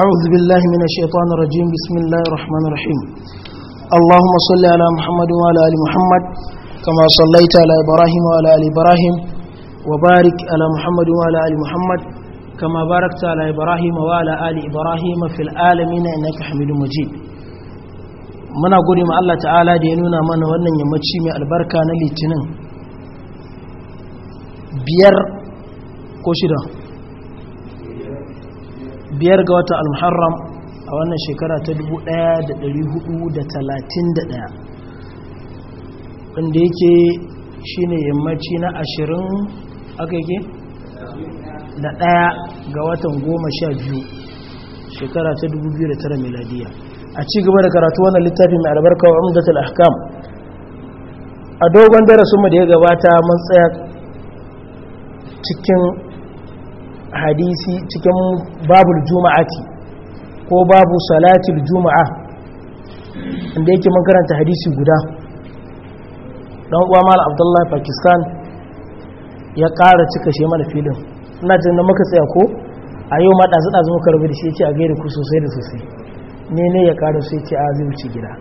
أعوذ بالله من الشيطان الرجيم بسم الله الرحمن الرحيم اللهم صل على محمد وعلى آل محمد كما صليت على إبراهيم وعلى آل إبراهيم وبارك على محمد وعلى آل محمد كما باركت على إبراهيم وعلى آل إبراهيم في العالمين إنك حميد مجيد muna gode ma Allah ta'ala da ya nuna mana wannan yammaci mai albarka na litinin biyar ko shida biyar ga watan almuharram a wannan shekara ta 1431 wanda yake shine yammaci na ashirin aka yake da ɗaya ga watan goma sha biyu shekara ta 2009 miladiya a ci gaba da karatu wannan littafi mai albarka wa umdatul ahkam a dogon darasinmu da ya gabata mun tsaya cikin hadisi cikin babul juma'ati ko babu salatul juma'a inda yake mun hadisi guda don uwa mal abdullahi pakistan ya ƙara cika shi mana filin ina jin da muka tsaya ko a yau ma ɗazu ɗazu muka rabu da shi ya ce a gaira ku sosai da sosai ne ne ya ƙara sai ce a zai gida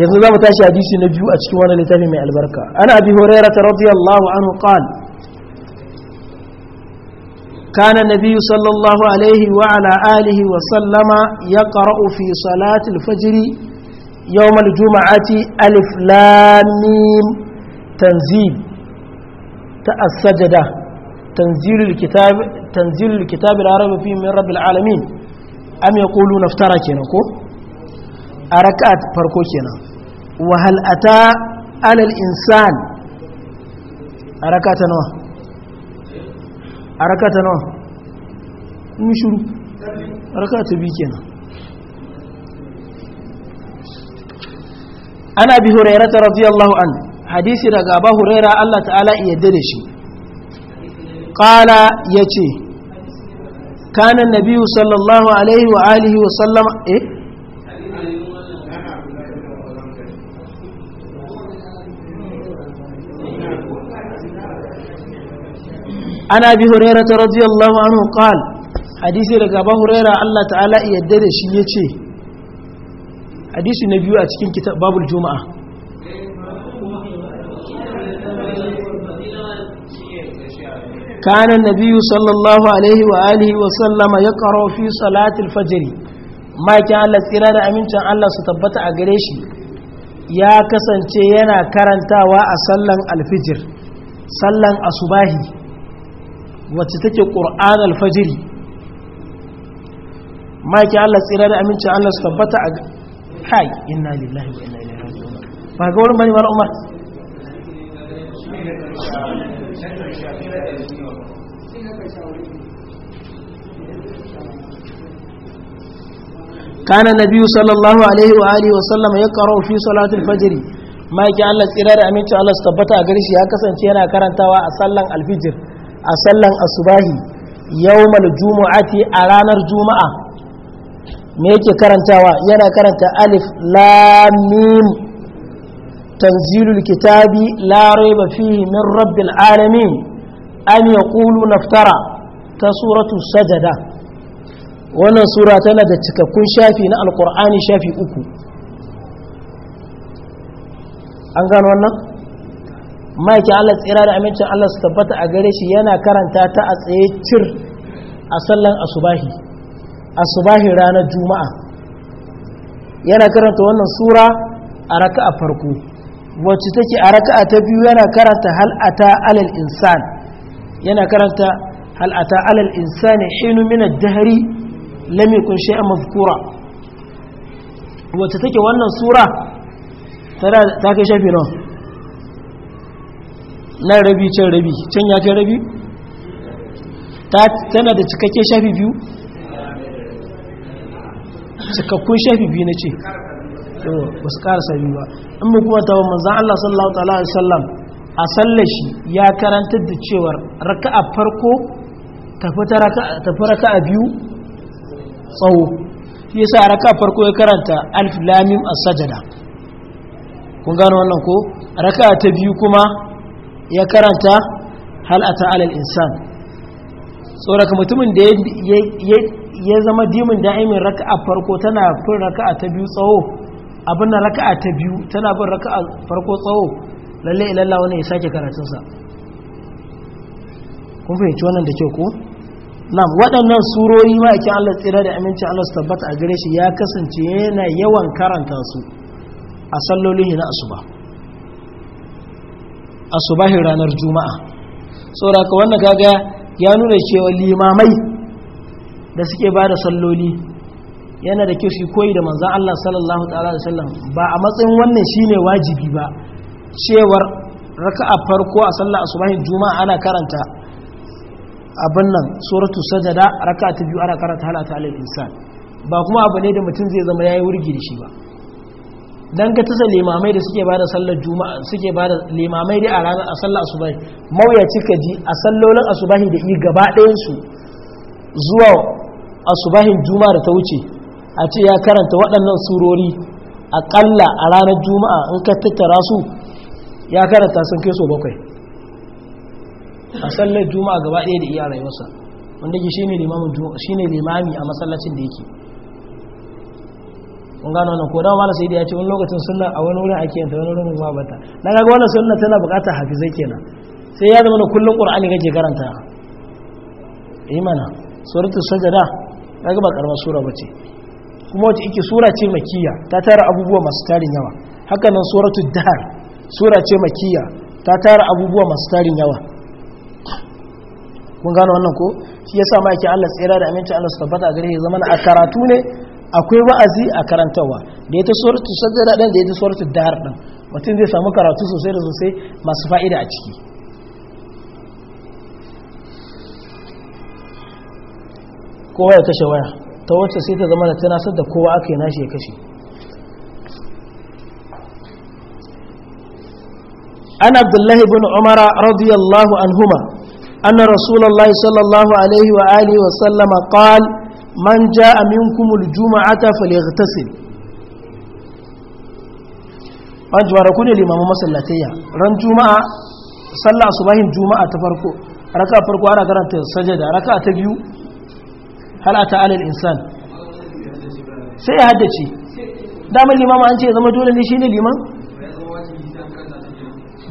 yanzu za mu tashi hadisi na biyu a cikin wani littafi mai albarka ana abi hurairah radiyallahu anhu qala كان النبي صلى الله عليه وعلى آله وسلم يقرأ في صلاة الفجر يوم الجمعة ألف لاميم تنزيل السجدة تنزيل الكتاب تنزيل الكتاب العربي فيه من رب العالمين أم يقولون افترى أركات فرقو وهل أتى على الإنسان أركات نوه a rakata nawa kun shuru a rakata ta biyu kenan ana bi huraira ta radiyallahu an hadisi daga ba huraira Allah ta'ala iya dare shi ya ce, kanan nabi sallallahu alaihi wa alihi wa sallam eh an abi hurairah radiyallahu anhu qala hadisi daga abu hurairah Allah ta'ala yadda da shi ce. hadisi na biyu a cikin kitab babul juma'a كان النبي صلى الله عليه وآله وسلم Makin Allah صلاة الفجر ما كان الله سيرا أمين كان الله ستبت أغريشي يا كسن تينا كرنتا وأسلن الفجر سلن أصباهي wacce take al-fajr alfajiri maki allah tsira da amincin allah su tabbata a kai inna lillahi wa inna ilaihi raji'un ba ga wurin bane mala umar كان النبي صلى الله عليه وآله وسلم يقرأ في صلاة الفجر ما يجعل الله سيرا أمين الله استبتع قريش يا كسن تينا كرنتوا أصلا الفجر a sallan asubahi yawmal jumu'ati a ranar juma'a me yake karantawa yana karanta alif lam tanzilul kitabi la raiba fihi min rabbil alamin an yaqulu naftara ta suratu sajada wannan sura tana da cikakkun shafi na alkur'ani shafi uku an gano wannan ma'aikin Allah tsira da amincin Allah su tabbata a gare shi yana karanta ta a tsaye cir a sallan asubahi asubahi ranar juma'a yana karanta wannan sura a raka a farko wacce take a raka ta biyu yana karanta hal'ata alal insan yana karanta hal'ata alal insan hinu min ad-dahri kun yakun shay'an mazkura wacce take wannan sura ta kai shafi nawa nan rabi can rabi can ya ce rabi tana da cikakke shafi biyu cikakkun shafi biyu na ce ba su ƙara biyu ba in mu kuma tawa manzan Allah sallallahu ta'ala a sallam a sallashi ya karantar da cewar raka a farko tafi raka a biyu tsawo shi yasa raka a farko ya karanta alif lamim a sajada kun gano wannan ko raka ta biyu kuma ya karanta hal a alal insan tsoraka mutumin da ya zama dimin da'imin raka'a farko tana fin raka'a ta biyu tsawo abin na raka'a ta biyu tana bin raka'a farko tsawo lalle ilalla wani ya sake karatunsa kun fahimci wannan da kyau ko nam waɗannan surori ma'aikin Allah tsira da amincin Allah su tabbata a gare shi ya kasance yana yawan karanta su a sallolin na asuba a subahin ranar juma'a ka wannan kaga ya nuna cewa limamai da suke ba da salloli yana da kyau su koyi da manzan Allah sallallahu ta'ala da sallam ba a matsayin wannan shi ne wajibi ba cewar "Raka a farko a a asubahin juma'a ana karanta abin nan suratu sajada raka ta biyu ana karanta halata alal insan ba kuma abu ne da mutum zai zama ya yi wurgi da shi ba dan ka tasa limamai da suke bada sallar juma'a suke bada limamai dai a ranar a sallar asubahi mawuyaci ka ji a sallolin asubahi da yi gaba su zuwa asubahin juma'a da ta wuce a ce ya karanta waɗannan surori aƙalla a ranar juma'a in ka tattara su ya karanta sun kai so bakwai a sallar juma'a gaba ɗaya da iya rayuwarsa wanda ke shine limamin limami a masallacin da yake kun gano wannan ko dawa sai da ya ce wani lokacin sunna a wani wurin ake yanta wani wurin ba bata na ga wannan sunna tana buƙatar hafizai kenan sai ya zama da kullun qur'ani kake karanta imana eh suratul sajada kaga ba karamar sura bace kuma wace ike sura ce makiyya ta tara abubuwa masu tarin yawa haka nan suratul dahr sura ce makiyya ta tara abubuwa masu tarin yawa kun gano wannan ko shi yasa ma yake Allah tsira da aminci Allah su tabbata gare ya zama a karatu ne akwai wa'azi a karantarwa da ya ta suratu sadara ɗin da ya ta suratu dahar ɗin mutum zai samu karatu sosai da sosai masu fa'ida a ciki kowa ya kashe waya ta wacce sai ta zama da tana sadda kowa aka yi nashi ya kashe An Abdullahi bin umara radiyallahu رضي الله عنهما أن رسول الله صلى الله wa sallama. man ja a minkumul juma'ata falyaghtasil ban jawara ku ne limaman masallatayya ran juma'a sallah subahin juma'a ta farko raka farko ana karanta sajada raka ta biyu hal ata alil insan sai ya haddace damar limama an ce zama dole ne shine liman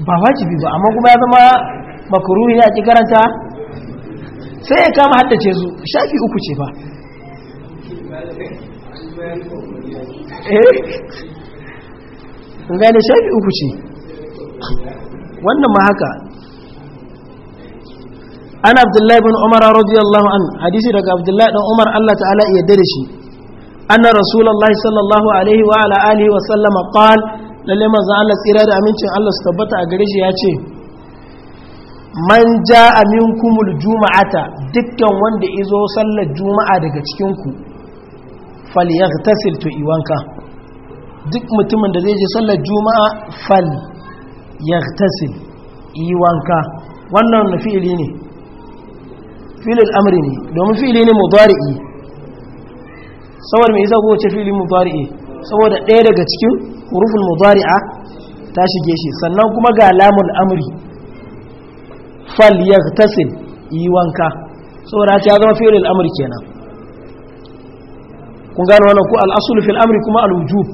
ba wajibi ba amma kuma ya zama makaruhi ya ki garanta sai ya kama haddace su shafi uku ce ba. eh gane shafi uku ce wannan ma haka an abdullahi bin umar radiyallahu an hadisi daga abdullahi dan umar Allah ta'ala ya dare shi anna rasulullahi sallallahu alaihi wa ala alihi wa sallama qal lalle manzo Allah tsira da amincin Allah su tabbata a gare shi ya ce man ja'a minkumul juma'ata dukkan wanda izo sallar juma'a daga cikin ku falyaghtasil to iwanka duk mutumin da zai je sallar juma'a fal yaghtasil iwanka wannan fi'ili ne filin amri ne domin fi'ili ne mudari'i saboda mai yasa ko fi'ili mudari'i saboda ɗaya daga cikin hurufin mudari'a ta shige shi sannan kuma ga lamun amri fal yaghtasil iwanka saboda ta zama fi'il amri kenan kun gano wannan ku al'asul fil amri kuma al'ujub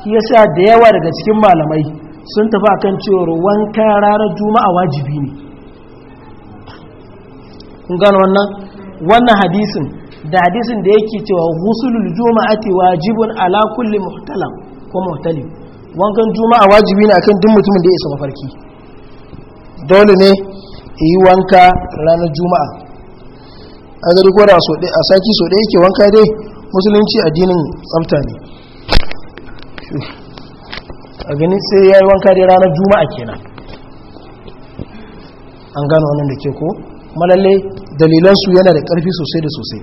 shi yasa da yawa daga cikin malamai sun tafi akan cewa wanka ranar juma'a wajibi ne kun gano wannan wannan hadisin da hadisin da yake cewa husulul juma'ati wajibun ala kulli muhtalam ko muhtalim wankan juma'a wajibi ne akan duk mutumin da ya isa mafarki dole ne yi wanka ranar juma'a a ko da a saki so ɗaya yake wanka dai musulunci addinin tsafta ne a gani sai ya yi wanka dai ranar juma'a kenan an gano wannan da ke ko malalle dalilansu yana da ƙarfi sosai da sosai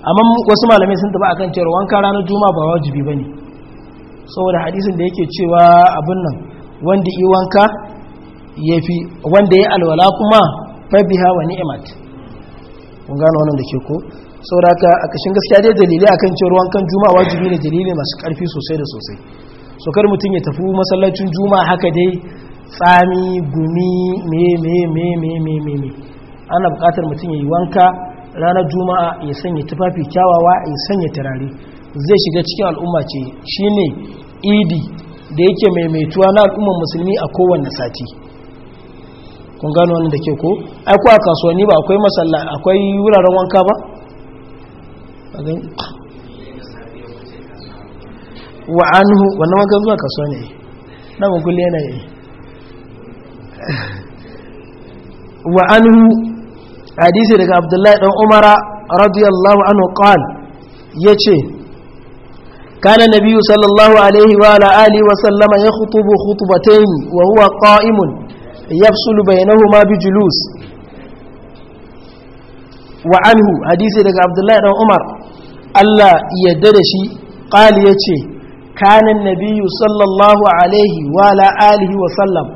amma wasu malamai sun taba akan cewa wanka ranar juma'a ba wajibi bane saboda hadisin da yake cewa abin nan wanda yi wanka yafi wanda ya alwala kuma fa biha wa ni'mat kun gano wannan da ke ko sauraka a kashin gaskiya dai dalilai akan cewa ruwan kan juma'a wajibi ne dalilai masu karfi sosai da sosai so kar mutum ya tafi masallacin juma'a haka dai tsami gumi me me me me me ana buƙatar mutum ya yi wanka ranar juma'a ya sanya tufafi kyawawa ya sanya turare zai shiga cikin al'umma ce shine idi da yake maimaituwa na al'ummar musulmi a kowanne sati kun gano wannan da ke ko ai ko a kasuwanni ba akwai masalla akwai wuraren wanka ba wa anhu wannan wanka zuwa kasuwa ne na gulle yana yi wa anhu hadisi daga abdullahi dan umara radiyallahu anhu qal ce. kana nabiyyu sallallahu alaihi wa ala alihi wa sallama yakhutubu khutbatayn wa huwa qa'imun yafsulu ma bijulus wa anhu hadisi daga abdullahi dan umar Allah ya da shi qali yace kana nabiyyu sallallahu alaihi wa ala alihi wa sallam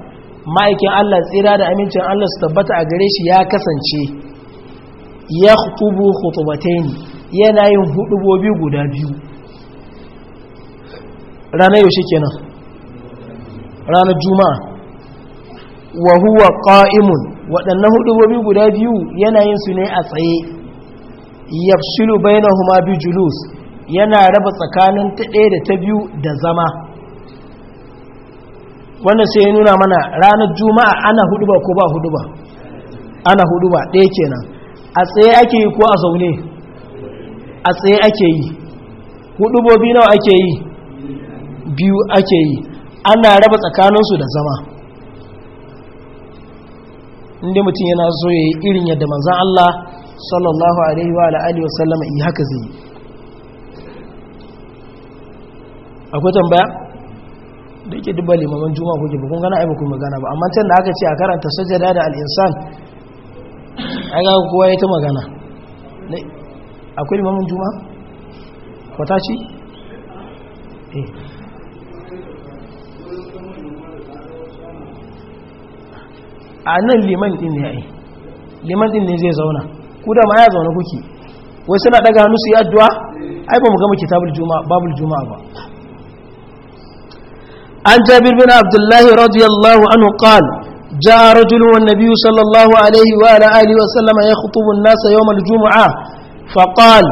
maikin Allah tsira da amincin Allah su tabbata a gare shi ya kasance ya khutubu khutubatayn yana yin hudubobi guda biyu ranar yau ranar juma'a wa huwa qa'imun waɗannan hudubobi guda biyu yanayin su ne a tsaye yafsilu bainahuma bi julus yana raba tsakanin ta ɗaya da ta biyu da zama wannan sai ya nuna mana ranar juma'a ana huduba ko ba huduba ana huduba ɗaya kenan a tsaye ake yi ko a zaune a tsaye ake yi hudubobi nawa ake yi biyu ake yi ana raba tsakaninsu da zama inda mutum yana so ya yi irin yadda manzan Allah sallallahu alaihi wa Alaihi wa sallama yi haka zai akwai tambaya da yake dubba limaman juma'a kuke ba kun gana ai magana ba amma can da aka ce a karanta sajada da al'insan, a ga kowa ya ta magana akwai limamin juma'a kwata ci eh a nan liman din ne ai liman din ne zai zauna ku da ma ya zauna kuke wai suna daga hannu su yi addu'a ai ba mu gama kitabul juma'a babul juma'a ba عن جابر بن عبد الله رضي الله عنه قال جاء رجل والنبي صلى الله عليه وعلى آله وسلم يخطب الناس يوم الجمعة فقال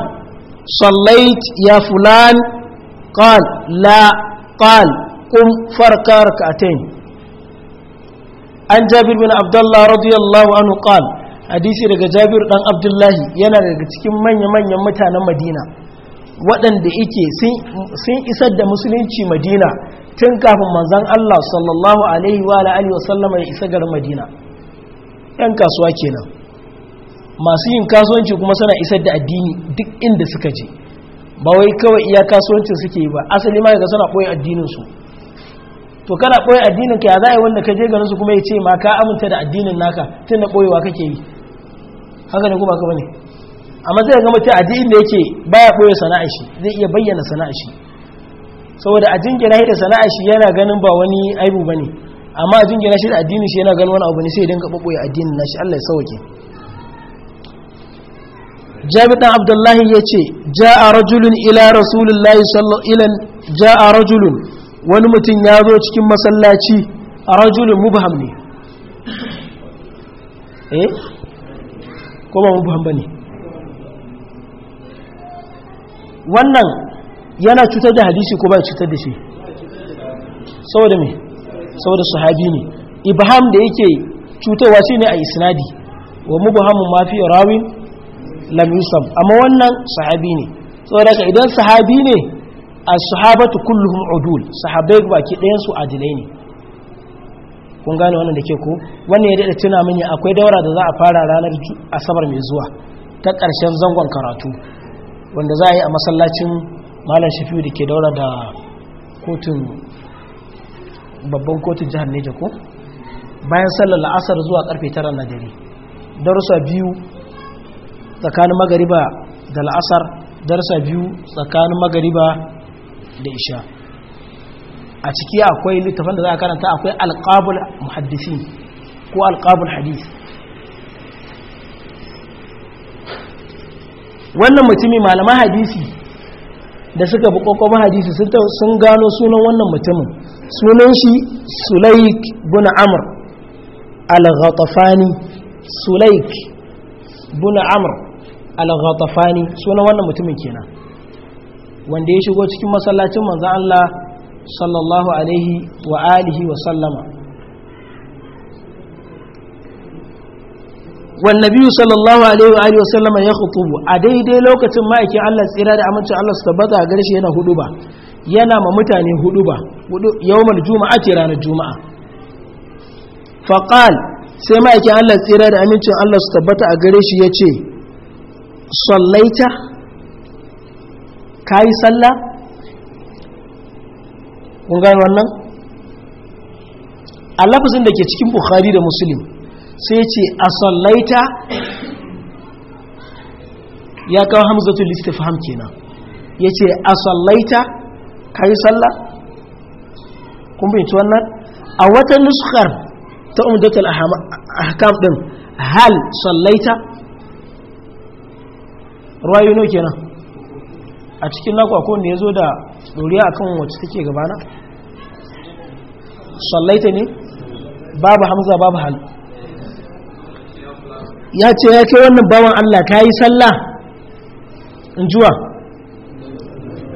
صليت يا فلان قال لا قال قم فرك ركعتين an jabir bin Abdullahi radiyallahu anu qal hadisi daga jabir dan abdullahi yana daga cikin manya-manyan mutanen madina waɗanda yake sun isar da musulunci madina tun kafin manzan allah sallallahu alaihi wa alihi sallama ya isa garin madina yan kasuwa kenan masu yin kasuwanci kuma suna isar da addini duk inda suka je ba wai kawai iya kasuwancin suke yi ba asali ma ga suna koyi addininsu to kana ɓoye addinin ka ya za'a wanda ka je garin su kuma ya ce ma ka aminta da addinin naka tun da ɓoyewa kake yi haka ne kuma ka bane amma sai ga mutum addinin da yake baya ɓoye sana'a shi zai iya bayyana sana'a shi saboda a jingina shi da sana'a shi yana ganin ba wani aibu bane amma a jingina shi da addinin shi yana ganin wani abu ne sai ya dinga ɓoye addinin nashi Allah ya sauke Jabir dan Abdullahi yace ja'a rajulun ila rasulullahi sallallahu ila ja'a rajulun wani mutum ya zo cikin masallaci a rajulun mubham ne eh kuma mubham ba ne wannan yana cutar da hadisi ko ba cutar da shi saboda me saboda sahabi ne ibham da yake cutarwa ne a isnadi wa mubhamun ma fi rawin lam amma wannan sahabi ne saboda idan sahabi ne as-sahabatu kulluhum udul sahabbai baki ɗayan su adilai ne kun gane wannan da ke ko wannan ya daɗa tuna mini akwai daura da za a fara ranar asabar mai zuwa ta ƙarshen zangon karatu wanda za a yi a masallacin malam shafiu da ke daura da kotun babban kotun jihar neja ko bayan sallar la'asar zuwa ƙarfe tara na dare darussa biyu tsakanin magariba da la'asar darussa biyu tsakanin magariba da isha a ciki akwai littafin da za a karanta akwai alƙabul muhaddisi ko alƙabul hadis wannan mutumin malaman hadisi da suka bi ƙwaƙwaban hadisi sun gano sunan wannan mutumin sunan shi sulaik Buna amr al-ghatafani sulaik Buna amr al-ghatafani sunan wannan mutumin kenan wanda ya shigo cikin masallacin manzan Allah sallallahu alaihi wa alihi wa sallama wan nabiyu sallallahu alaihi wa alihi wa sallama ya khutubu a daidai lokacin ma'aikin Allah tsira da amincin Allah su tabbata a garshe yana hudu yana ma mutane hudu yawmal juma'a ce ranar juma'a faqal sai ma'aikin Allah tsira da amincin Allah su tabbata a gare shi yace sallaita ka yi sallah kun gani wannan a da ke cikin bukhari da muslim sai ce a sallaita ya kawo hamzatul istifham kenan ya ce a sallaita ka yi sallah kun binci wannan a wata nuskar ta umdatul ahkam din hal sallaita ruwayo kenan a cikin naku akwai wanda ya zo da ɗoriya akan wacce take gabana sallaita ne babu hamza babu hal ya ce ya ke wannan bawan allah ka yi sallah in juwa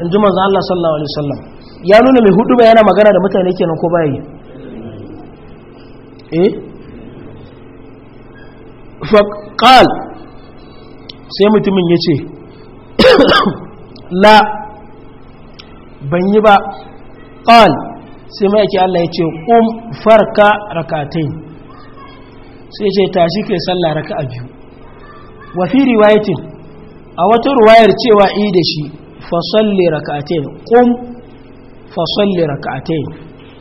in ji manzan allah sallallahu alaihi wasallam ya nuna mai hudu yana magana da mutane kenan ko bayi yi eh faƙal sai mutumin ya ce la ban yi ba qal sai mai yake Allah ya ce um farka rakatain sai ce tashi kai sallah a biyu wa fi riwayatin a wata ruwayar cewa i da shi fa salli raka'atain qum fa salli raka'atain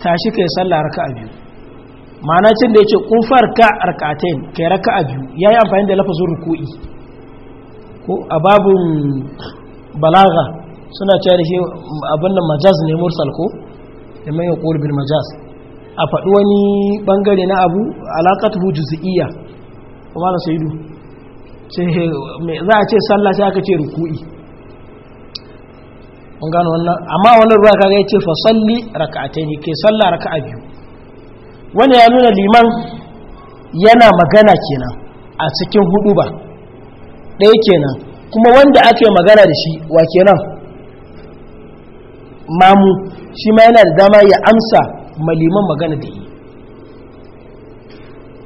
tashi kai sallah raka'a biyu ma'ana cin da ya yace qum farka raka'atain kai a biyu Ya yi amfani da lafazin ruku'i ko a babun balaga suna cewa shi abin nan majaz ne mursal ko da mai yaqul bil majaz a faɗi wani bangare na abu alaqatuhu juz'iyya kuma na sayyidu sai za a ce sallah sai aka ce ruku'i mun gano wannan amma wannan ruwa kaga yace fa salli rak'atayn ke sallah raka'a biyu wani ya nuna liman yana magana kenan a cikin hudu ba ɗaya kenan kuma wanda ake magana da shi wa kenan mamu shi ma yana da dama ya amsa maliman magana da yi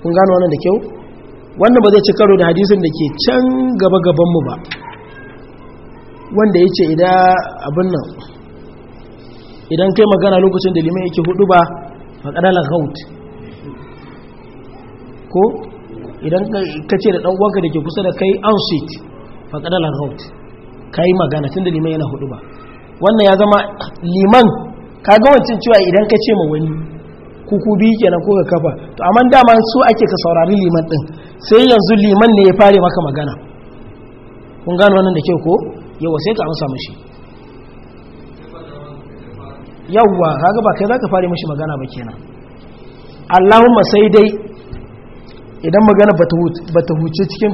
kun gano wannan da kyau wannan ba zai ci karo da hadisin da ke can gaba-gabanmu ba wanda ya ce idan abin nan idan kai magana lokacin da liman yake hudu ba makadalar haut ko idan ka ce da ɗan'uwanka da ke kusa da kai an faƙadar raut ka yi magana tun da liman yana hudu ba wannan ya zama liman ka ga wancin cewa idan ka ce ma wani kuku biyu kenan ko ka kafa to amma dama su ake ka saurari liman din sai yanzu liman ne ya fare maka magana kun gano wannan da kyau ko yawa sai ka amsa mashi yawa kaga ba kai zaka fare mashi magana ba kenan Allahumma sai dai idan magana bata huce cikin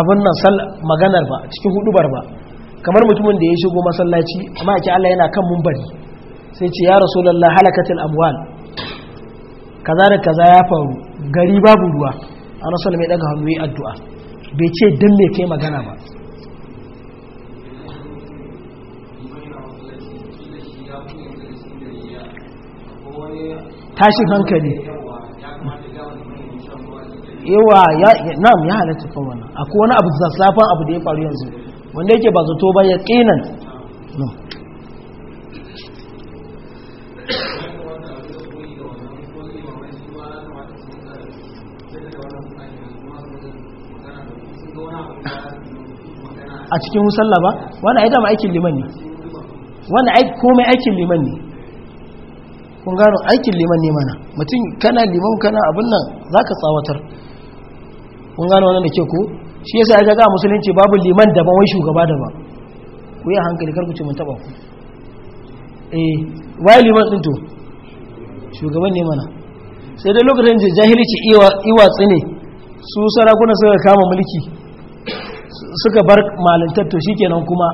abin nan maganar ba cikin hudubar ba kamar mutumin da ya shigo masallaci amma ake Allah yana kan bari sai ce ya rasulullah halakatil amwal kaza da kaza ya faru gari babu ruwa a rasul mai daga hannu yi addu'a bai ce dan me kai magana ba tashin hankali yawa na'am ya halatta kan wannan akwai wani abu zazzafan abu da ya faru yanzu wanda yake ba zato ba ya qinan a cikin musalla ba wani aida dama aikin liman ne wani komai aikin liman ne kun gano aikin liman ne mana mutum kana liman kana abin nan za ka tsawatar kun gano wannan da ke ku shi yasa ya ga musulunci babu liman daban wai shugaba daban ku yi hankali kar ku ce mun taba ku eh wai liman din to shugaban ne mana sai dai lokacin da jahilci iwa iwa tsine su sarakuna suka kama mulki suka bar malantar to shikenan kuma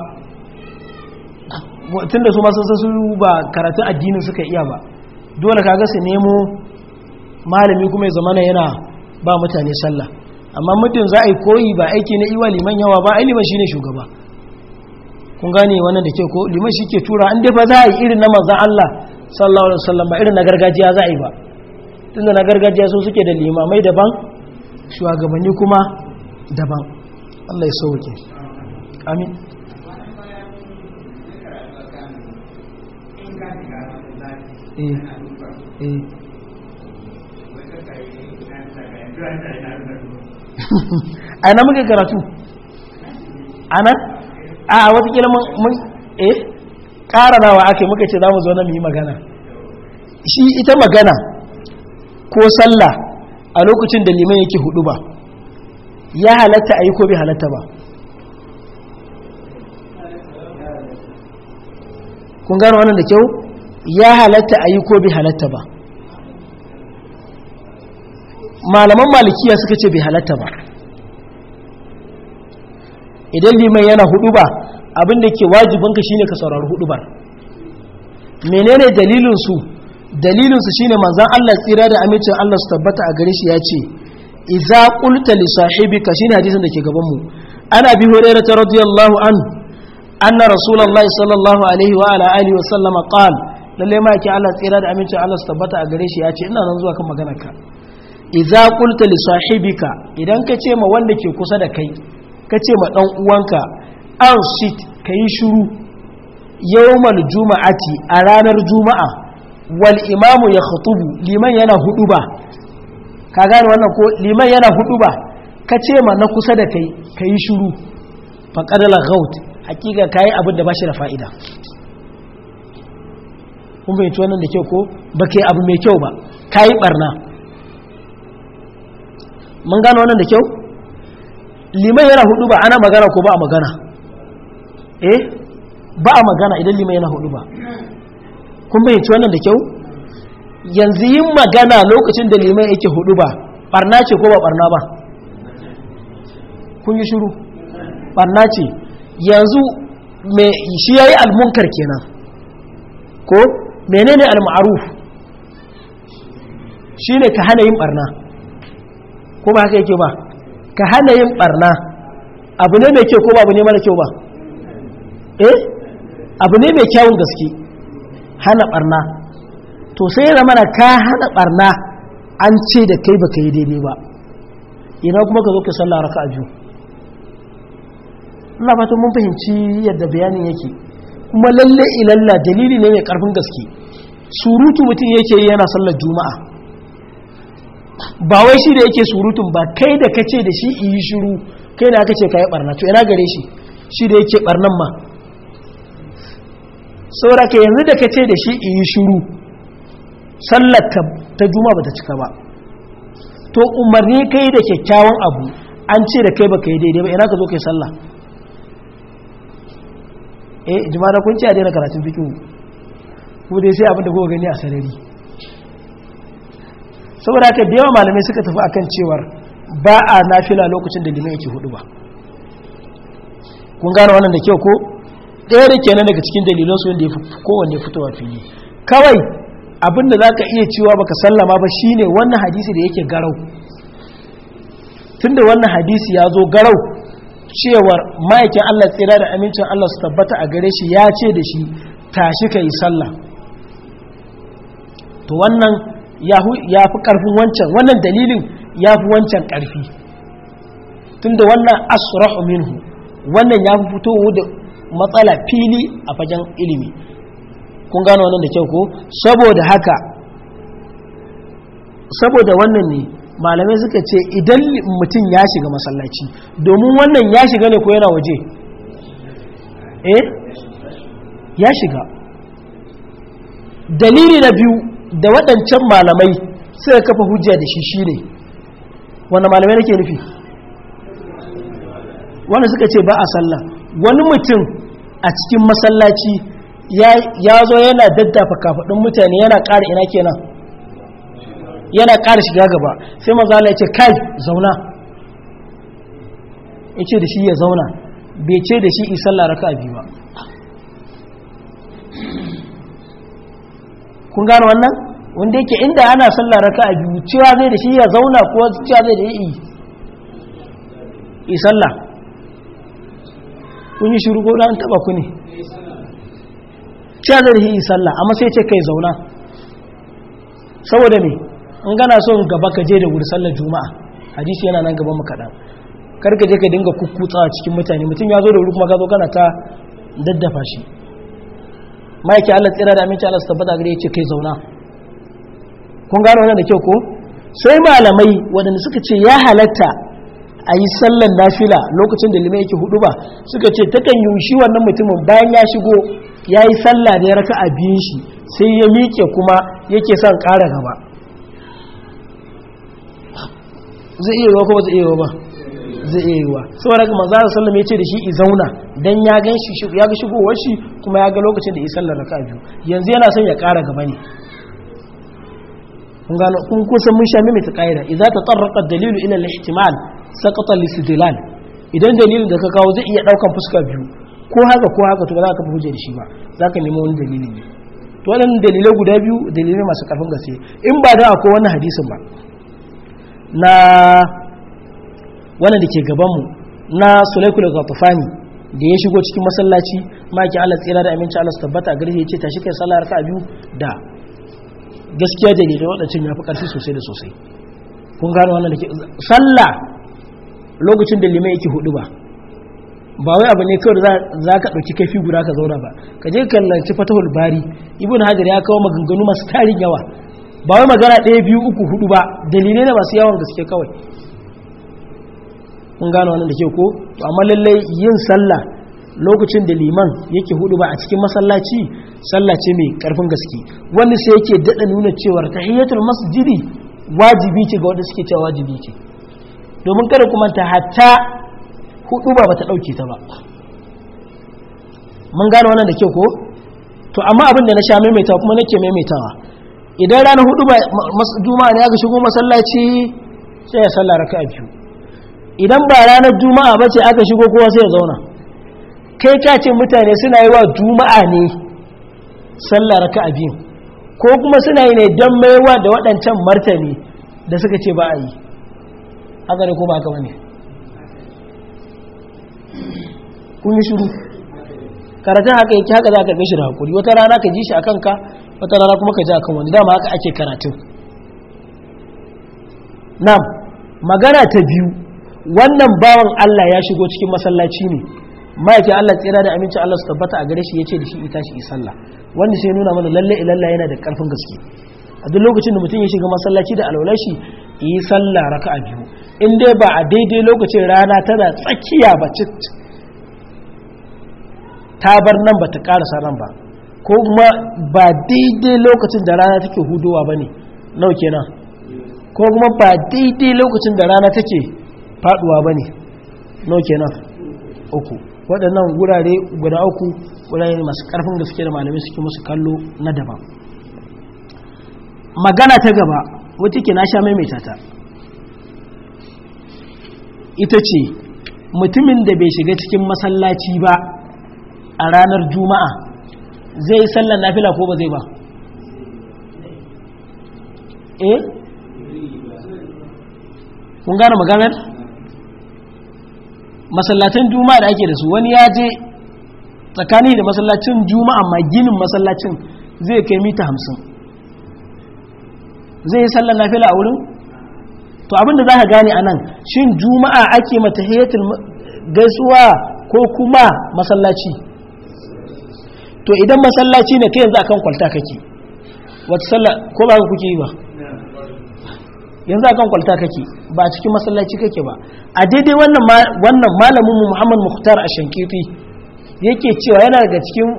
tunda su ma sun su ba karatun addinin suka iya ba dole kaga su nemo malami kuma ya zamana yana ba mutane sallah amma mutum za a yi koyi ba aiki na iwa liman yawa ba ai liman shine shugaba kun gane wannan da ke ko liman shi ke tura an dai ba za a yi irin na manzan Allah sallallahu alaihi wasallam ba irin na gargajiya za a yi ba tunda na gargajiya so suke da limamai daban shugabanni kuma daban Allah ya sauke amin eh eh ana muke karatu ana a watakila mun eh karanawa ake muka ce za mu zo na mu yi magana shi ita magana ko sallah a lokacin da liman yake hudu ba ya halatta a ko bai halatta ba kun gano wannan da kyau ya halatta ayi ko bai halatta ba malaman malikiya suka ce bai halatta ba idan liman yana hudu ba abinda ke wajibinka shine ka saurari hudu ba menene dalilinsu dalilinsu shine manzan Allah tsira da amincin Allah su tabbata a gare shi ya ce iza qulta li sahibika shine hadisin da ke gabanmu ana bi hurairah radiyallahu an anna rasulullahi sallallahu alaihi wa ala alihi wa sallama qala lalle ma yake Allah tsira da amincin Allah su tabbata a gare shi ya ce ina nan zuwa kan ka. idza qulta li sahibika idan ka ce ma wanda ke kusa da kai ka ce ma dan uwanka an sit kai shiru yawmal juma'ati a ranar juma'a wal imamu ya khutubu liman yana huduba ka gane wannan ko liman yana huduba ka ce ma na kusa da kai kai shiru faqad laghaut hakika kai abin da bashi da fa'ida kun bai wannan da kyau ko ba kai abu mai kyau ba kai barna mun gano wannan da kyau liman yana hudu ba ana magana ko ba a magana eh ba a magana idan liman yana hudu ba kun bayyanci wannan da kyau yanzu yin magana lokacin da liman yake hudu ba barna ce ko ba barna ba kun yi shiru barna ce yanzu shi ya yi almunkar kenan ko menene almaruf shi ne ka hana yin barna ko ba haka yake ba ka hana yin barna abu ne mai kyau ko ba abu ne mara kyau ba eh abu ne mai kyawun gaske hana barna to sai ya mana ka hana barna an ce da kai baka yi daidai ba ina kuma ka zo ka sallah raka a biyu ina fatan mun fahimci yadda bayanin yake kuma lalle ilalla dalili ne mai karfin gaske surutu mutum yake yana sallar juma'a ba wai shi da yake surutun ba kai da kace da shi yi shiru kai na kace kai barna to ina gare shi shi da yake barnan ma saboda ka yanzu da kace da shi yi shiru sallar ta juma bata cika ba to umarni kai da kyakkyawan abu an ce da kai baka yi daidai ba ina ka zo kai sallah eh jama'a kun ci a daina karatun fikihu ko dai sai abin da kuka gani a sarari saboda haka da yawa malamai suka tafi akan cewar ba a nafila lokacin da limin yake hudu ba kun gane wannan da kyau ko ɗaya da kenan daga cikin dalilan su yadda ya kowanne fitowa fili kawai abin da za ka iya cewa baka sallama ba shine wannan hadisi da yake garau tunda wannan hadisi ya zo garau cewar ma'aikin Allah tsira da amincin Allah su tabbata a gare shi ya ce da shi tashi ka yi sallah to wannan ya fi ƙarfin wancan wannan dalilin ya fi wancan ƙarfi da wannan asrahu minhu wannan ya fi fitowa da matsala fili a fajen ilimi kun gano wannan da kyau ko saboda haka saboda wannan ne malamai suka ce idan mutum ya shiga masallaci domin wannan ya shiga ne ko yana waje eh ya shiga dalili na biyu da waɗancan malamai ya kafa hujja da shi shi ne wanda malamai nake nufi wanda suka ce ba a sallah wani mutum a cikin masallaci ya zo yana daddafa kafaɗin mutane yana ƙara ina kenan yana ƙara shiga gaba sai mazala ya ce kai zauna ya ce da shi ya zauna bai ce da shi isallah raka biyu ba kun gano wannan wanda yake inda ana sallah raka'a biyu cewa zai da shi ya zauna ko cewa zai da yi sallah kun yi shiru goda an taba ku ne cewa zai da yi sallah amma sai ce kai zauna saboda me in gana son gaba ka je da wuri sallar juma'a hadisi yana nan gaban mu kaɗan kar ka je ka dinga kukkutsa cikin mutane mutum ya zo da wuri kuma ka zo kana ta daddafa shi ma'aiki Allah tsira da aminci Allah su tabbata gare ya ce kai zauna kun gano wannan da kyau ko sai malamai waɗanda suka ce ya halatta a yi sallan nafila lokacin da limai yake hudu ba suka ce takan yi wannan mutumin bayan ya shigo ya yi sallah da ya raka a biyun shi sai ya miƙe kuma yake son ƙara gaba zai zai iya yiwa saboda ga manzo sallallahu ya ce da shi i zauna dan ya gan shi ya ga shigowar shi kuma ya ga lokacin da ya sallar raka biyu yanzu yana son ya kara gaba ne kun gano kun kusa mun sha mimita kaida idza tatarraqa dalilu ila al-ihtimal saqata idan dalilin da ka kawo zai iya daukan fuska biyu ko haka ko haka to ba za ka huje da shi ba za ka nemi wani dalili ne to wannan dalilai guda biyu dalilai masu karfin gaske in ba da akwai wannan hadisin ba na wannan da ke gabanmu na sulaikul ghatafani da ya shigo cikin masallaci maki Allah tsira da aminci Allah tabbata a garje ce tashi kai sallar ka biyu da gaskiya da ne wadancan ya fi karfi sosai da sosai kun gano wannan da ke sallah lokacin da limai yake hudu ba ba wai abu ne kawai za ka ɗauki kai figura ka zauna ba ka je ka kallanci fatahul bari ibn hajar ya kawo maganganu masu tarin yawa ba wai magana ɗaya biyu uku hudu ba dalilai na masu yawan gaske kawai kun gano wannan da ke ko to amma lallai yin sallah lokacin da liman yake hudu ba a cikin masallaci sallah ce mai karfin gaske wani sai yake dada nuna cewa tahiyatul masjidi wajibi ce ga wanda suke cewa wajibi ce domin kada kuma ta hatta hudu ba bata dauke ta ba mun gano wannan da ke ko to amma abin da na sha maimaita kuma nake maimaitawa idan ranar hudu ba juma'a ne ga shigo masallaci sai ya sallah raka'a biyu idan ba ranar juma'a ba ce aka shigo kowa sai ya zauna kai ka ce mutane suna yi wa juma'a ne sallah raka a biyu ko kuma suna yi ne don maiwa da waɗancan martani da suka ce ba a yi haka ne ko ba haka ba ne kun yi shuru karatun haka yake haka za ka gashi da hakuri wata rana ka ji shi a kanka wata rana kuma ka ji a kan wani dama haka ake karatun nam magana ta biyu wannan bawan Allah ya shigo cikin masallaci ne ma'aikin Allah tsira da aminci Allah su tabbata a gare shi ya ce da shi ita shi sallah wanda sai nuna mana lalle ilalla yana da karfin gaske a duk lokacin da mutum ya shiga masallaci da alwala shi yi sallah raka'a biyu in dai ba a daidai lokacin rana tana tsakiya ba ta bar nan ba ta karasa nan ba ko kuma ba daidai lokacin da rana take hudowa ba ne nau kenan ko kuma ba daidai lokacin da rana take faduwa ba ne nau kenan uku waɗannan wurare guda uku wurare masu ƙarfin da suke da malamai suke musu kallo na daban magana ta gaba wata ke na sha maimaita ta ita ce mutumin da bai shiga cikin masallaci ba a ranar juma'a zai yi sallar nafila ko ba zai ba eh kun gane maganar masallacin juma'a da ake da su wani ya je tsakani da masallacin juma'a ma ginin masallacin zai kai mita hamsin zai yi sallar nafila a wurin to abinda za ka gane a nan shin juma'a ake mata hetin gaisuwa ko kuma masallaci to idan masallaci ne kai yanzu akan kwalta kake wata sallar ko ba kuke yi ba yanzu akan kwalta kake ba cikin masallaci kake ba a daidai wannan wannan malamin mu Muhammad Mukhtar Ashankiti yake cewa yana daga cikin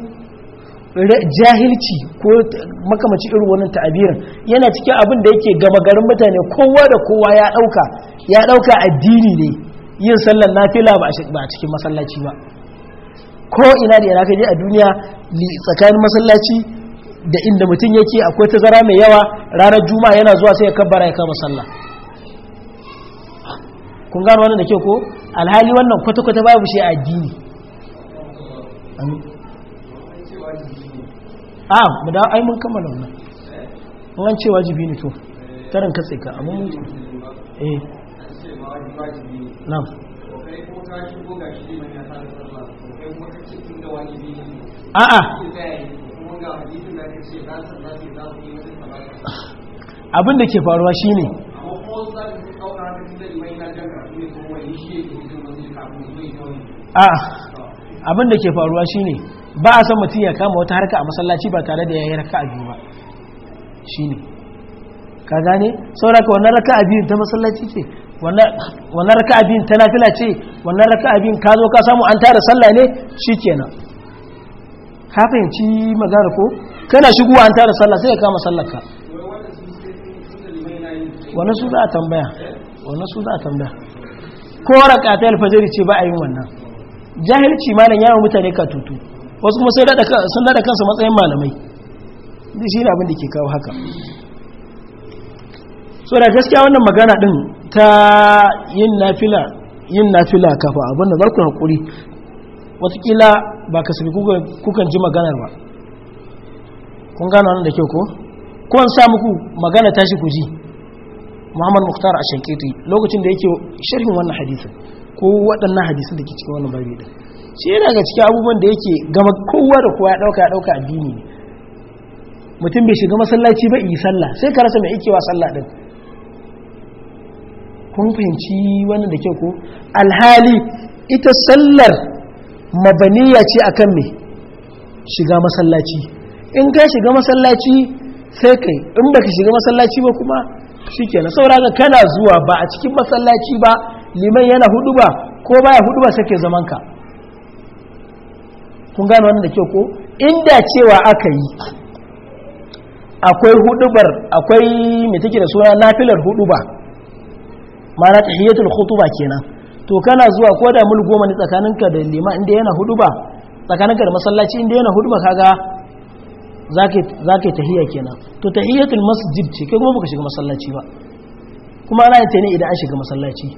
jahilci ko makamaci irin wannan ta'abirin yana cikin abin da yake gama garin mutane kowa da kowa ya dauka ya dauka addini ne yin sallar nafila ba a cikin masallaci ba ko ina da yana kai a duniya tsakanin masallaci da inda mutum yake akwai tazara mai yawa ranar juma'a yana zuwa sai ya kabbara ya kama sallah kun gano wannan da ke ko alhali wannan kwata-kwata babu shi a addini a mu da ai mun kammala wannan an ce wajibi ne to tarin katse ka amma mun eh na'am a'a abin da ke faruwa shine ne abin da ke faruwa ne ba a son mutum ya kama wata harka a masallaci ba tare da ya yi raka a biyu ba shine ka gane sauraka wannan raka a biyu ta masallaci ce wannan raka a biyu ta nafila ce wannan raka a biyu ka zo ka samu an tara sallane ne shi kenan ka fahimci magana ko kana shigo an tara sallah sai ka kama sallar ka wannan su za a tambaya wannan su za a tambaya ko raka ta alfajiri ce ba a yin wannan jahilci malam yawan mutane ka tutu wasu kuma sai sun da kansu matsayin malamai zai shi ne abin da ke kawo haka so da gaskiya wannan magana din ta yin nafila yin nafila kafa abin da za ku haƙuri watakila ba ka sabi kukan ji maganar ba kun gano wannan da kyau ko ko an sa muku magana tashi ku ji muhammad mukhtar a shankiti lokacin da yake sharhin wannan hadisin ko waɗannan hadisin da ke cikin wannan babi da shi yana ga cikin abubuwan da yake gama kowa da kowa ya ɗauka ya ɗauka addini ne mutum bai shiga masallaci ba yi sallah sai ka rasa mai wa sallah din kun fahimci wannan da kyau ko alhali ita sallar mabaniya ce akan mai shiga masallaci in ka shiga masallaci sai kai in baka shiga masallaci ba kuma saura ga kana zuwa ba a cikin masallaci ba liman yana hudu ba ko baya hudu ba sai ke zaman ka kun gano wannan da kyau ko inda cewa aka yi akwai hudubar akwai mai take da suna nafilar hudu ba ma'ana tahiyatul khutuba kenan to kana zuwa ko da mul goma ne tsakaninka da lima inda yana hudu ba tsakaninka da masallaci inda yana hudu ba kaga za ka tahiyya kenan to tahiyyatul masjid ce kai kuma baka shiga masallaci ba kuma ana yin ta ne idan an shiga masallaci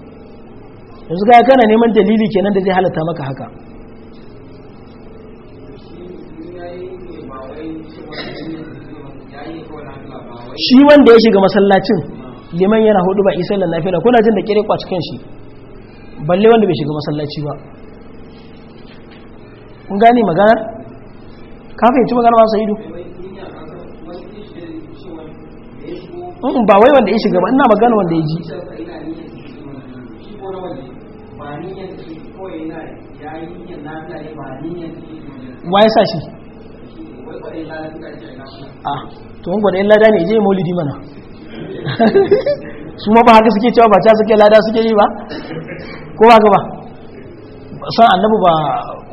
yanzu ga kana neman dalili kenan da zai halatta maka haka shi wanda ya shiga masallacin liman yana hudu ba isa da kuna jin da kire kwaci shi balle wanda bai shiga masallaci ba kun gane magana ka fahimci magana masu ido mm, ba wai wanda ya shiga ba ina magana wanda ya ji wa ya sa shi ah, to tuwon gwada yin lada ne je maulidi mana su ma ba haka suke cewa ba ta suke lada suke yi ba ko ba gaba san annabi ba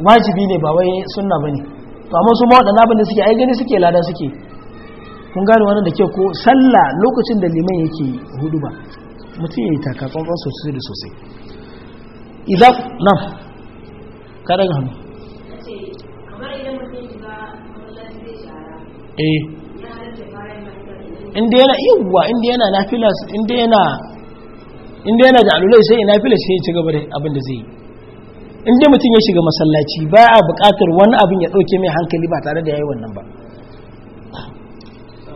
wajibi ne ba wai sunna bane to amma su ma waɗannan abin da suke ai gani suke lada suke kun gane wannan da ke ko sallah lokacin da liman yake hudu ba mutum ya yi taka tsantsan sosai da sosai idan eh. nan ka daga hannu eh inda yana guwa inda yana filas inda yana in yana da alulai sai ina fila sai ya ci gaba da abin da zai yi in dai mutum ya shiga masallaci ba a buƙatar wani abin ya ɗauke mai hankali ba tare da ya yi wannan ba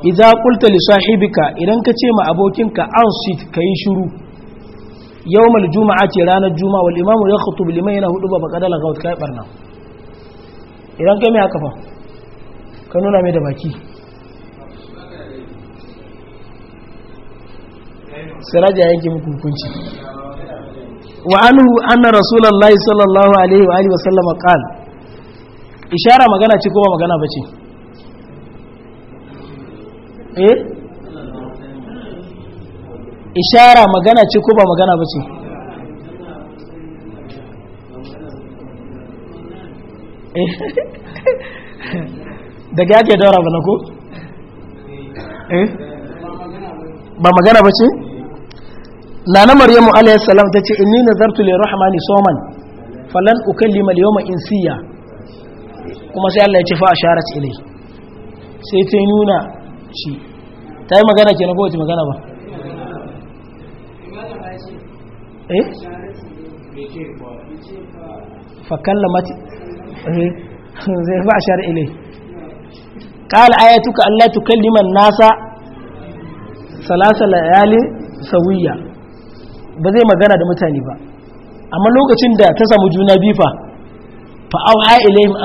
idza qulta li sahibika idan ka ce ma abokinka ansit kai shiru yawmal juma'ati ranar juma'a wal imamu khutub liman yana hudu ba kada gaut kai barna idan kai mai haka fa ka nuna mai da baki siraji ya yanke muku hukunci wa anhu anna rasulullahi sallallahu alaihi wa alihi wa sallama qal ishara magana ce ko magana bace eh ishara magana ce ko ba magana bace eh? daga yake daura ba na ko eh ba magana ba ce? nana maryamu alayhi salam tace inni nazartu rahmani soman falan ukallima al-yawma insiya kuma sai Allah ya ce fa asharat ilai sai ta nuna shi ta yi magana kenan ko wace magana ba eh fa kallamat eh zai fa ashar ilai قال آياتك ألا تكلم الناس ثلاث ليال سوية ba zai magana da mutane ba amma lokacin da ta samu juna biyu fa fa auha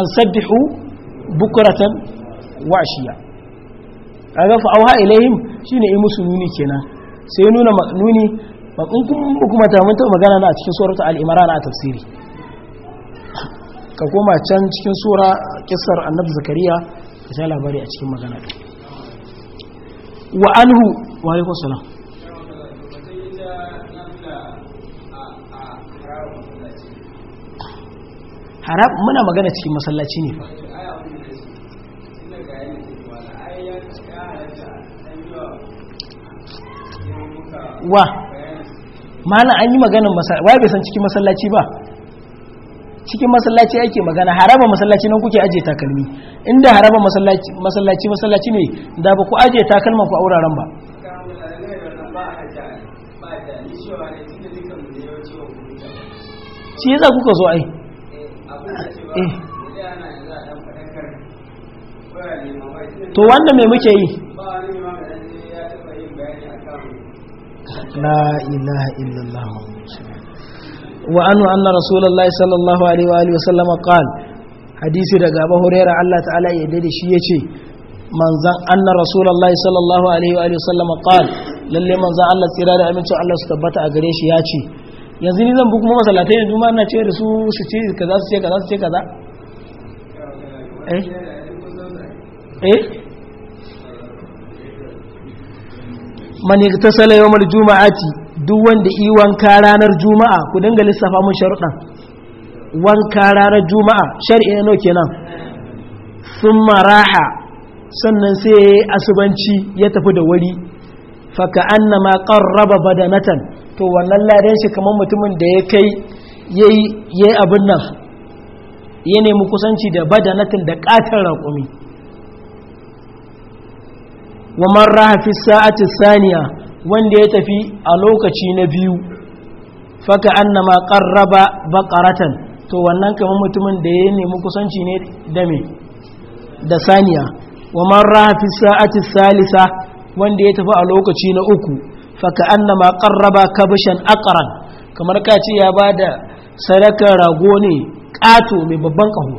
an sabbihu bukratan wa ashiya kaga fa auha ilayhim shine yi musu nuni kenan sai nuna nuni ba kun kuma ta mun ta magana na a cikin suratul al-imran a tafsiri ka koma can cikin sura kisar annabi zakariya ka sha labari a cikin magana wa anhu wa alaikum salam haram muna magana cikin masallaci ne fa wa mana an yi maganin masallaci bai san cikin masallaci ba cikin masallaci ake magana haraba masallaci nan kuke aje takalmi inda haraba masallaci masallaci masallaci ne da ba ku aje takalman ku a wuraren ba shi yasa kuka zo ai Eh. to wanda mai muke yi la ilaha illallah wa anu anna rasulullahi sallallahu alaihi wa alihi wasallam qal hadisi daga Abu Hurairah Allah ta'ala ya dade shi yace manzan anna rasulullahi sallallahu alaihi wa alihi wasallam qal lalle manzan Allah tsira da amincin Allah su tabbata a gare shi yace yanzu ni zan bu kuma masallatai ne duma ina ce da su su ce kaza su ce kaza su ce kaza eh eh man yaktasala juma'a juma'ati duk wanda yi wanka ranar juma'a ku dinga lissafa mun sharuɗan wanka ranar juma'a shari'a nawa kenan sun maraha sannan sai asubanci ya tafi da wuri faka'annama qarraba badanatan to wannan ladan shi kamar mutumin da ya kai ya yi abin nan ya nemi kusanci da badanatan da katar raƙumi wa man raha fi sa'ati saniya wanda ya tafi a lokaci na biyu raba qarraba baqaratan to wannan kamar mutumin da ya nemi kusanci ne da me da saniya wa man raha fi sa'ati salisa wanda ya tafi a lokaci na uku faka annama qarraba kabashan aqran kamar ka ce ya bada sadakar rago ne ƙato mai babban kaho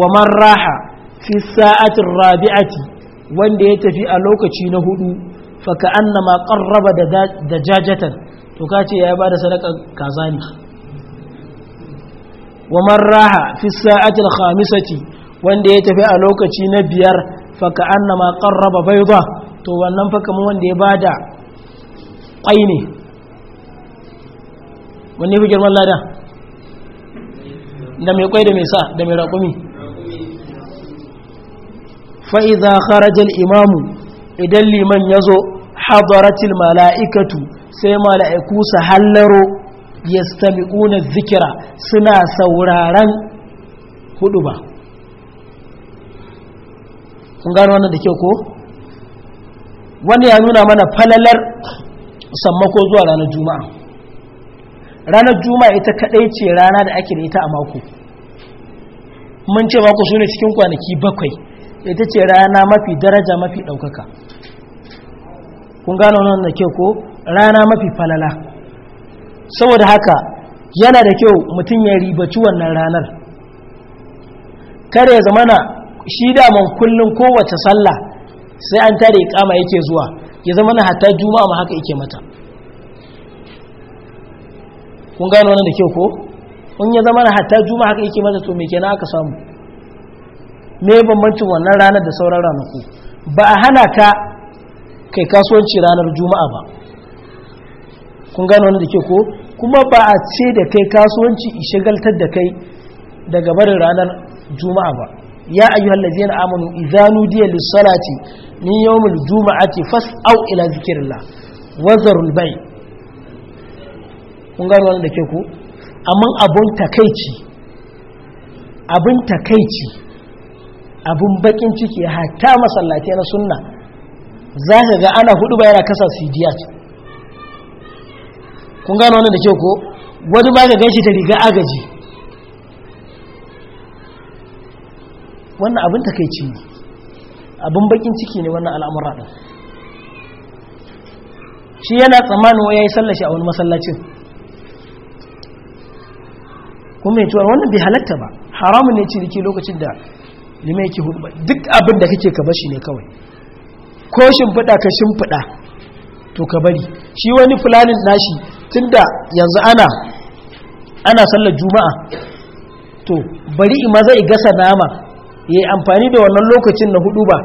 wa man raha fi sa'atin rabi'ati wanda ya tafi a lokaci na hudu faka annama karraba da jajatan to ka ce ya bada sadakar kaza ne wa man raha fi sa'atin khamisati wanda ya tafi a lokaci na biyar faka annama qarraba bayda to wannan faka mu wanda ya bada kwai ne wani fi girman lada da mai kwai da mai sa da mai raƙumi Fa'iza idza Imamu al idan liman yazo haɗaratil mala'ikatu sai mala'iku su hallaro ƙunar zikira suna sauraron hudu ba kun gano wannan da kyau ko wani ya nuna mana falalar sammako zuwa ranar juma'a ranar juma'a ita kadai ce rana da ake da ita a mako mun ce mako su ne cikin kwanaki bakwai ita ce rana mafi daraja mafi ɗaukaka kun gano wannan da kyau ko rana mafi falala saboda haka yana da kyau mutum ya ribaci wannan ranar kada ya zamana shi daman kullum kowace sallah sai an tare kama yake zuwa ya zama na hatta juma'a ma haka yake mata kun gano wannan da kyau ko kun ya zama na hatta juma'a haka yake mata to me kenan aka samu me bambancin wannan ranar da sauran ranaku ba a hana ka kai kasuwanci ranar juma'a ba kun gano wannan da kyau ko kuma ba a ce da kai kasuwanci shagaltar da kai daga barin ranar juma'a ba ya ayyuhal ladzina amanu idza nudiya lis-salati min yawmil juma'ati fas'au ila zikrillah wa zarul bay kun gano wannan da ke ku amma abun takaici abun takaici abun bakin ciki hatta masallatai na sunna za ka ga ana hudu bayan kasa sidiyat kun gano wannan da ke ku? wani ba ka gaishe ta riga agaji wannan abin takaici ne abin bakin ciki ne wannan al'amura ɗin shi yana tsammanin waya yi sallashi a wani masallacin kuma ya tuwar wannan bai halatta ba haramun ne ciniki lokacin da lima yake hudu ba duk abin da kake ka shi ne kawai ko shimfiɗa ka shimfiɗa to ka bari shi wani fulanin nashi da yanzu ana ana sallar juma'a to bari ima zai gasa nama ya yi amfani da wannan lokacin na hudu ba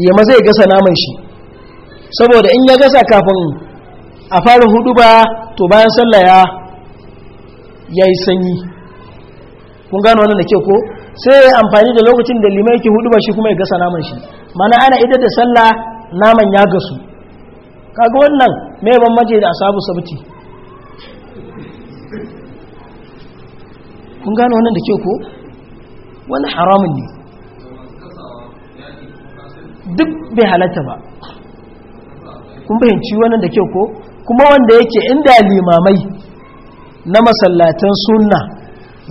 ya maza ya gasa naman shi saboda in ya gasa kafin a fara hudu ba to bayan sallah ya ya yi sanyi kun gano wannan da ke ko sai ya amfani da lokacin da limai ke hudu ba shi kuma ya gasa naman shi mana ana idar da sallah naman ya gasu kaga wannan mai maje da asabu sabuti kun gano wannan da ke ko wani haramun ne duk bai halatta ba kun fahimci wannan da kyau ko kuma wanda yake inda limamai na masallatan sunna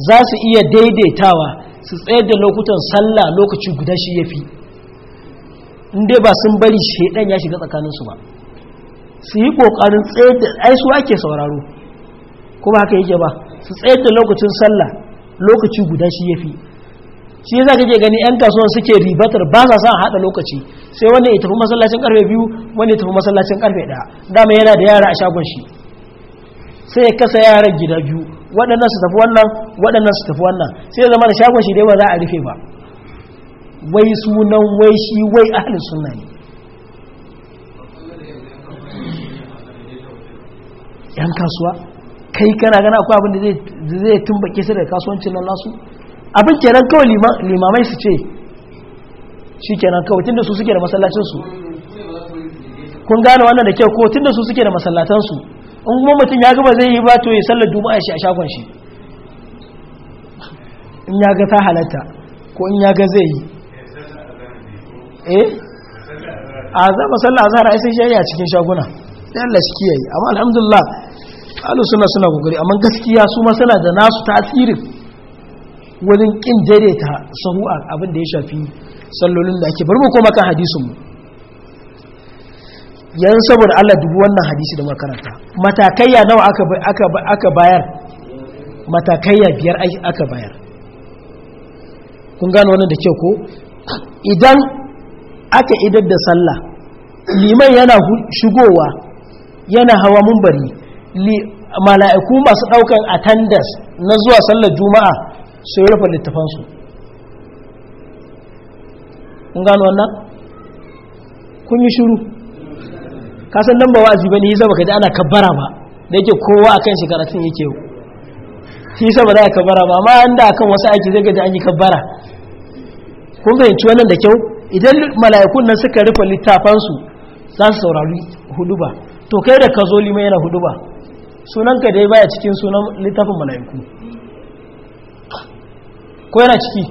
za su iya daidaitawa su tsayar da lokutan sallah lokaci guda shi ya fi inda ba sun bari shaidan ya shiga tsakaninsu ba su yi kokarin tsayar da aisu ake sauraro kuma haka yake ba su tsayar da lokacin sallah lokaci guda shi ya fi shi yasa kake gani yan kasuwan suke ribatar ba sa son hada lokaci sai wanda ya tafi masallacin karfe biyu wanda ya tafi masallacin karfe ɗaya dama yana da yara a shagon shi sai ya kasa yaran gida biyu waɗannan su tafi wannan waɗannan su tafi wannan sai ya zama da shagon shi dai ba za a rufe ba wai sunan wai shi wai ahli sunna ne yan kasuwa kai kana gana akwai abin da zai tumbake su da kasuwancin nan nasu abin kenan kawai limamai su ce shi kenan kawai da su suke da masallacinsu kun gane wannan da kyau ko tun da su suke da masallatansu in kuma mutum ya gaba zai yi ba to ya sallar juma'a shi a shagon shi in ya ga ta halatta ko in ya ga zai yi eh a za mu sallar azhar ai sai shi a cikin shaguna sai Allah shi kiyaye amma alhamdulillah ahlus suna suna gugure amma gaskiya su ma suna da nasu tasirin wajen kin daidaita ta a abin da ya shafi sallolin da ake mu koma kan hadisin yan saboda Allah dubu wannan hadisi da makaranta matakaiya nawa aka bayar matakaiya biyar aka bayar kun gano wannan da kyau ko idan aka idar da sallah liman yana shigowa yana hawa mumbari mala'iku masu daukan attendance na zuwa sallar juma'a sai rufe littafansu in gano wannan kun yi shiru kasan nan ba wa'azi ba ne yi zaba ka ji ana kabbara ba da yake kowa a kan shekaratun yake yau shi sa ba za a kabbara ba amma an da kan wasu aiki zai gaji an yi kabbara kun fahimci wannan da kyau idan mala'ikun nan suka rufe littafansu za su saurari ba. to kai da ka zo lima yana ba. sunanka dai baya cikin sunan littafin mala'iku ko yana ciki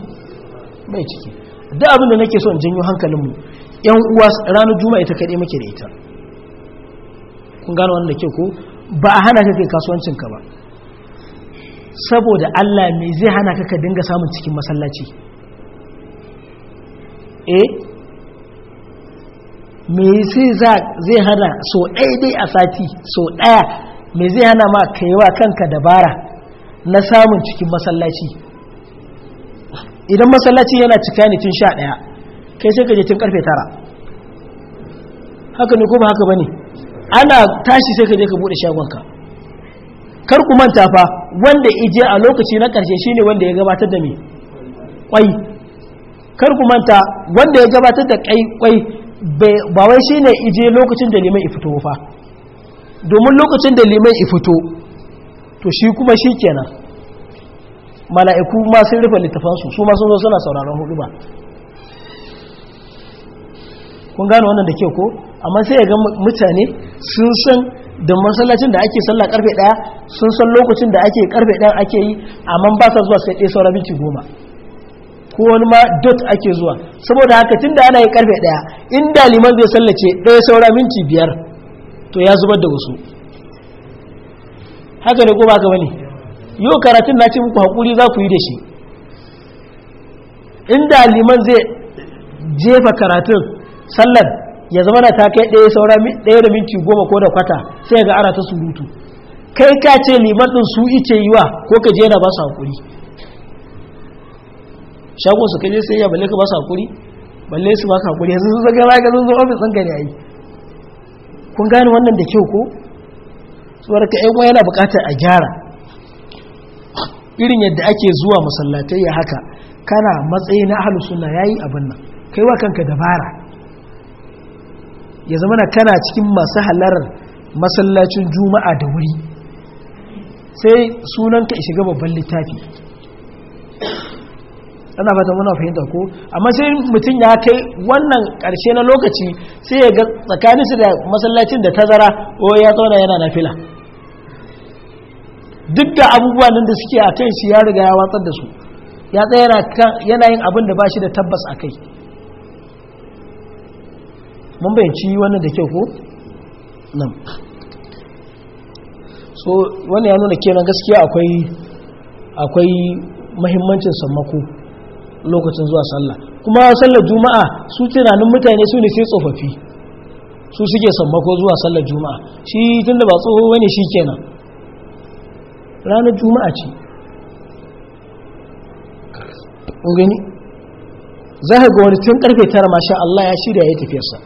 bai ciki duk abin da nake so in janyo hankalinmu yan uwa ranar juma'a ita kaɗai muke da ita kun gano wanda ke ko ba a hana ka kai kasuwancinka ba saboda allah mai zai hana ka ka dinga samun cikin masallaci eh me sai zai hana so ɗaya dai a sati so ɗaya me zai hana ma ka kanka dabara na samun cikin masallaci idan masallaci yana cika ne tun sha ɗaya kai sai ka je tun karfe tara haka ne ko ba haka ba ne ana tashi sai ka je ka buɗe shagonka kar ku manta fa wanda ije a lokaci na ƙarshe shi ne wanda ya gabatar da me ƙwai, kar ku manta wanda ya gabatar da ƙai ƙwai ba wai ne ije lokacin da liman ifito fa domin lokacin da liman ifito to shi kuma shi kenan mala'iku ma sun rufe littafansu su ma sun zo suna sauraron hudu ba kun gano wannan da ke ko amma sai ya ga mutane sun san da masallacin da ake sallah karfe daya sun san lokacin da ake karfe daya ake yi amma ba sa zuwa sai ɗaya sauran minti goma ko wani ma dot ake zuwa saboda haka tun da ana yi karfe daya da liman zai sallace ɗaya saura minti biyar to ya zubar da wasu haka ne ko ba ka bane yau karatun na ce muku haƙuri za ku yi da shi inda liman zai jefa karatun sallar ya zama na ta kai ɗaya saura ɗaya da minti goma ko da kwata sai ga ana ta surutu kai ka ce liman ɗin su ice yi wa ko ka je na ba su haƙuri shagon su kaje sai ya balle ka ba su haƙuri balle su ba su haƙuri yanzu sun zaga ba ga sun zo ofis ɗin gari ayi kun gane wannan da kyau ko tsoron ka ƴan yana buƙatar a gyara irin yadda ake zuwa masallatai ya haka kana matsayi na ahlus suna yayi abin nan kai wa kanka dabara ya zama kana cikin masu halarar masallacin juma'a da wuri sai sunanka ishiga babban littafi ana fata muna fahimta ko amma sai mutum ya kai wannan karshe na lokaci sai ya ga tsakaninsu da masallacin da tazara o oh, ya zauna yana na fila duk da abubuwa nan da suke a kai su ya riga ya watsar da su ya tsaya yana yin abin da ba shi da tabbas a kai mun bayanci wannan da kyau ko nan so wannan ya nuna kenan gaskiya akwai akwai mahimmancin sammako lokacin zuwa sallah kuma sallar juma'a su tunanin mutane su ne sai tsofaffi su suke sammako zuwa sallar juma'a shi da ba tsoho wani shi kenan ranar juma'a ce gani za a ga wani tun karfe tara masha Allah ya shirya ya tafiyarsa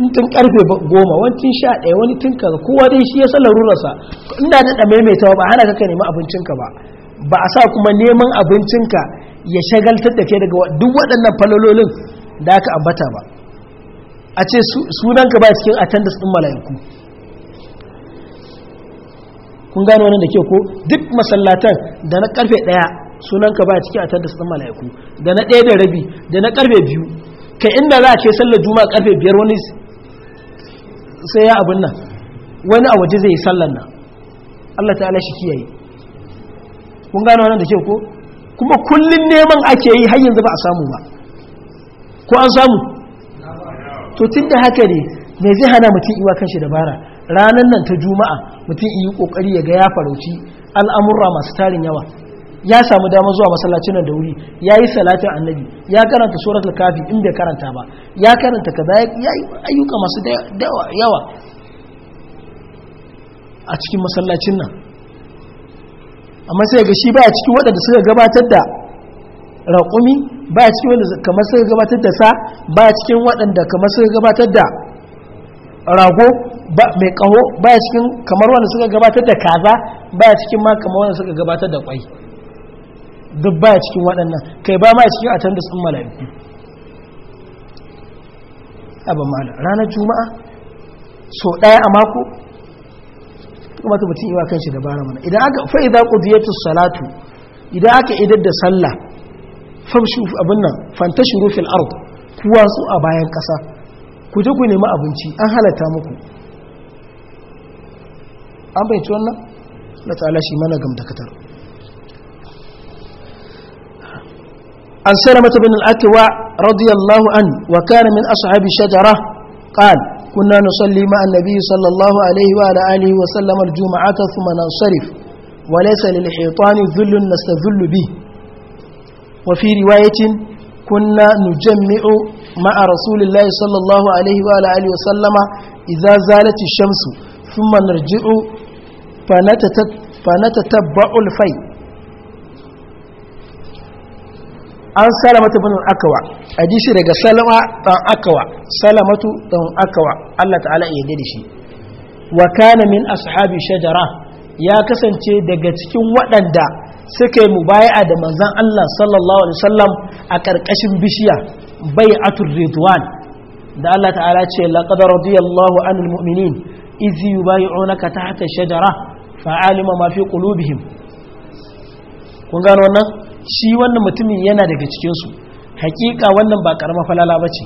in tun karfe goma wani tun sha ɗaya wani tun kaza kowa dai shi ya sallar rurarsa ina da tawa ba hana ka nemi abincinka ba ba a sa kuma neman abincinka ya shagaltar da ke daga duk waɗannan falololin da aka ambata ba a ce sunanka ba cikin attendance ɗin mala'iku kun gano wannan da ke ko duk masallatan da na karfe ɗaya sunan ka ba ciki a da ɗan mala'iku da na ɗaya da rabi da na karfe biyu ka inda za a ce sallar juma'a karfe biyar wani sai ya abin nan wani a waje zai yi sallar nan Allah ta'ala shi kiyaye kun gano wannan da ke ko kuma kullun neman ake yi har yanzu ba a samu ba ko an samu to tun da haka ne me zai hana mutum iwa kan shi dabara ranar nan ta juma'a mutum yi kokari ya ga ya farauci al'amurra masu tarin yawa ya samu dama zuwa masallacin nan da wuri ya yi salatin annabi ya karanta suratul kafi in bai karanta ba ya karanta kaza ya yi ayyuka masu yawa a cikin masallacin nan amma sai ga shi baya cikin waɗanda suka gabatar da raƙumi baya cikin waɗanda kamar suka gabatar da sa baya cikin waɗanda kamar suka gabatar da rago mai kaho baya cikin kamar wanda suka gabatar da kaza baya cikin ma kamar wanda suka gabatar da kwai duk baya cikin waɗannan kai ba ma cikin a tanda sun mala'iku abu mala ranar juma'a so ɗaya a mako kamata mutum iwa kan shi da bara mana idan aka fa idan salatu idan aka idar da sallah famshu abin nan fantashiru fil ard kuwa su a bayan kasa ku je ku nemi abinci an halatta muku an bayyance wannan na ta'ala shi mana gam da katar an salamah bin al-akwa radiyallahu an wa kana min ashabi shajara qala كنا نصلي مع النبي صلى الله عليه وعلى آله وسلم الجمعة ثم ننصرف وليس للحيطان ذل نستذل به وفي رواية كنا نجمع مع رسول الله صلى الله عليه وعلى آله وسلم إذا زالت الشمس ثم نرجع fanata tabba'ul fai an salamata bin akawa hadisi daga salama dan akawa salamatu dan akawa Allah ta'ala ya da shi wa kana min ashabi shajara ya kasance daga cikin waɗanda suka yi mubaya'a da manzon Allah sallallahu alaihi wasallam a ƙarƙashin bishiya bai'atul ridwan da Allah ta'ala ce laqad radiyallahu anil mu'minin iz yubayi'unaka tahta shajara fa alima ma fi qulubihim kun gano wannan shi wannan mutumin yana daga cikin su hakika wannan ba karama falala bace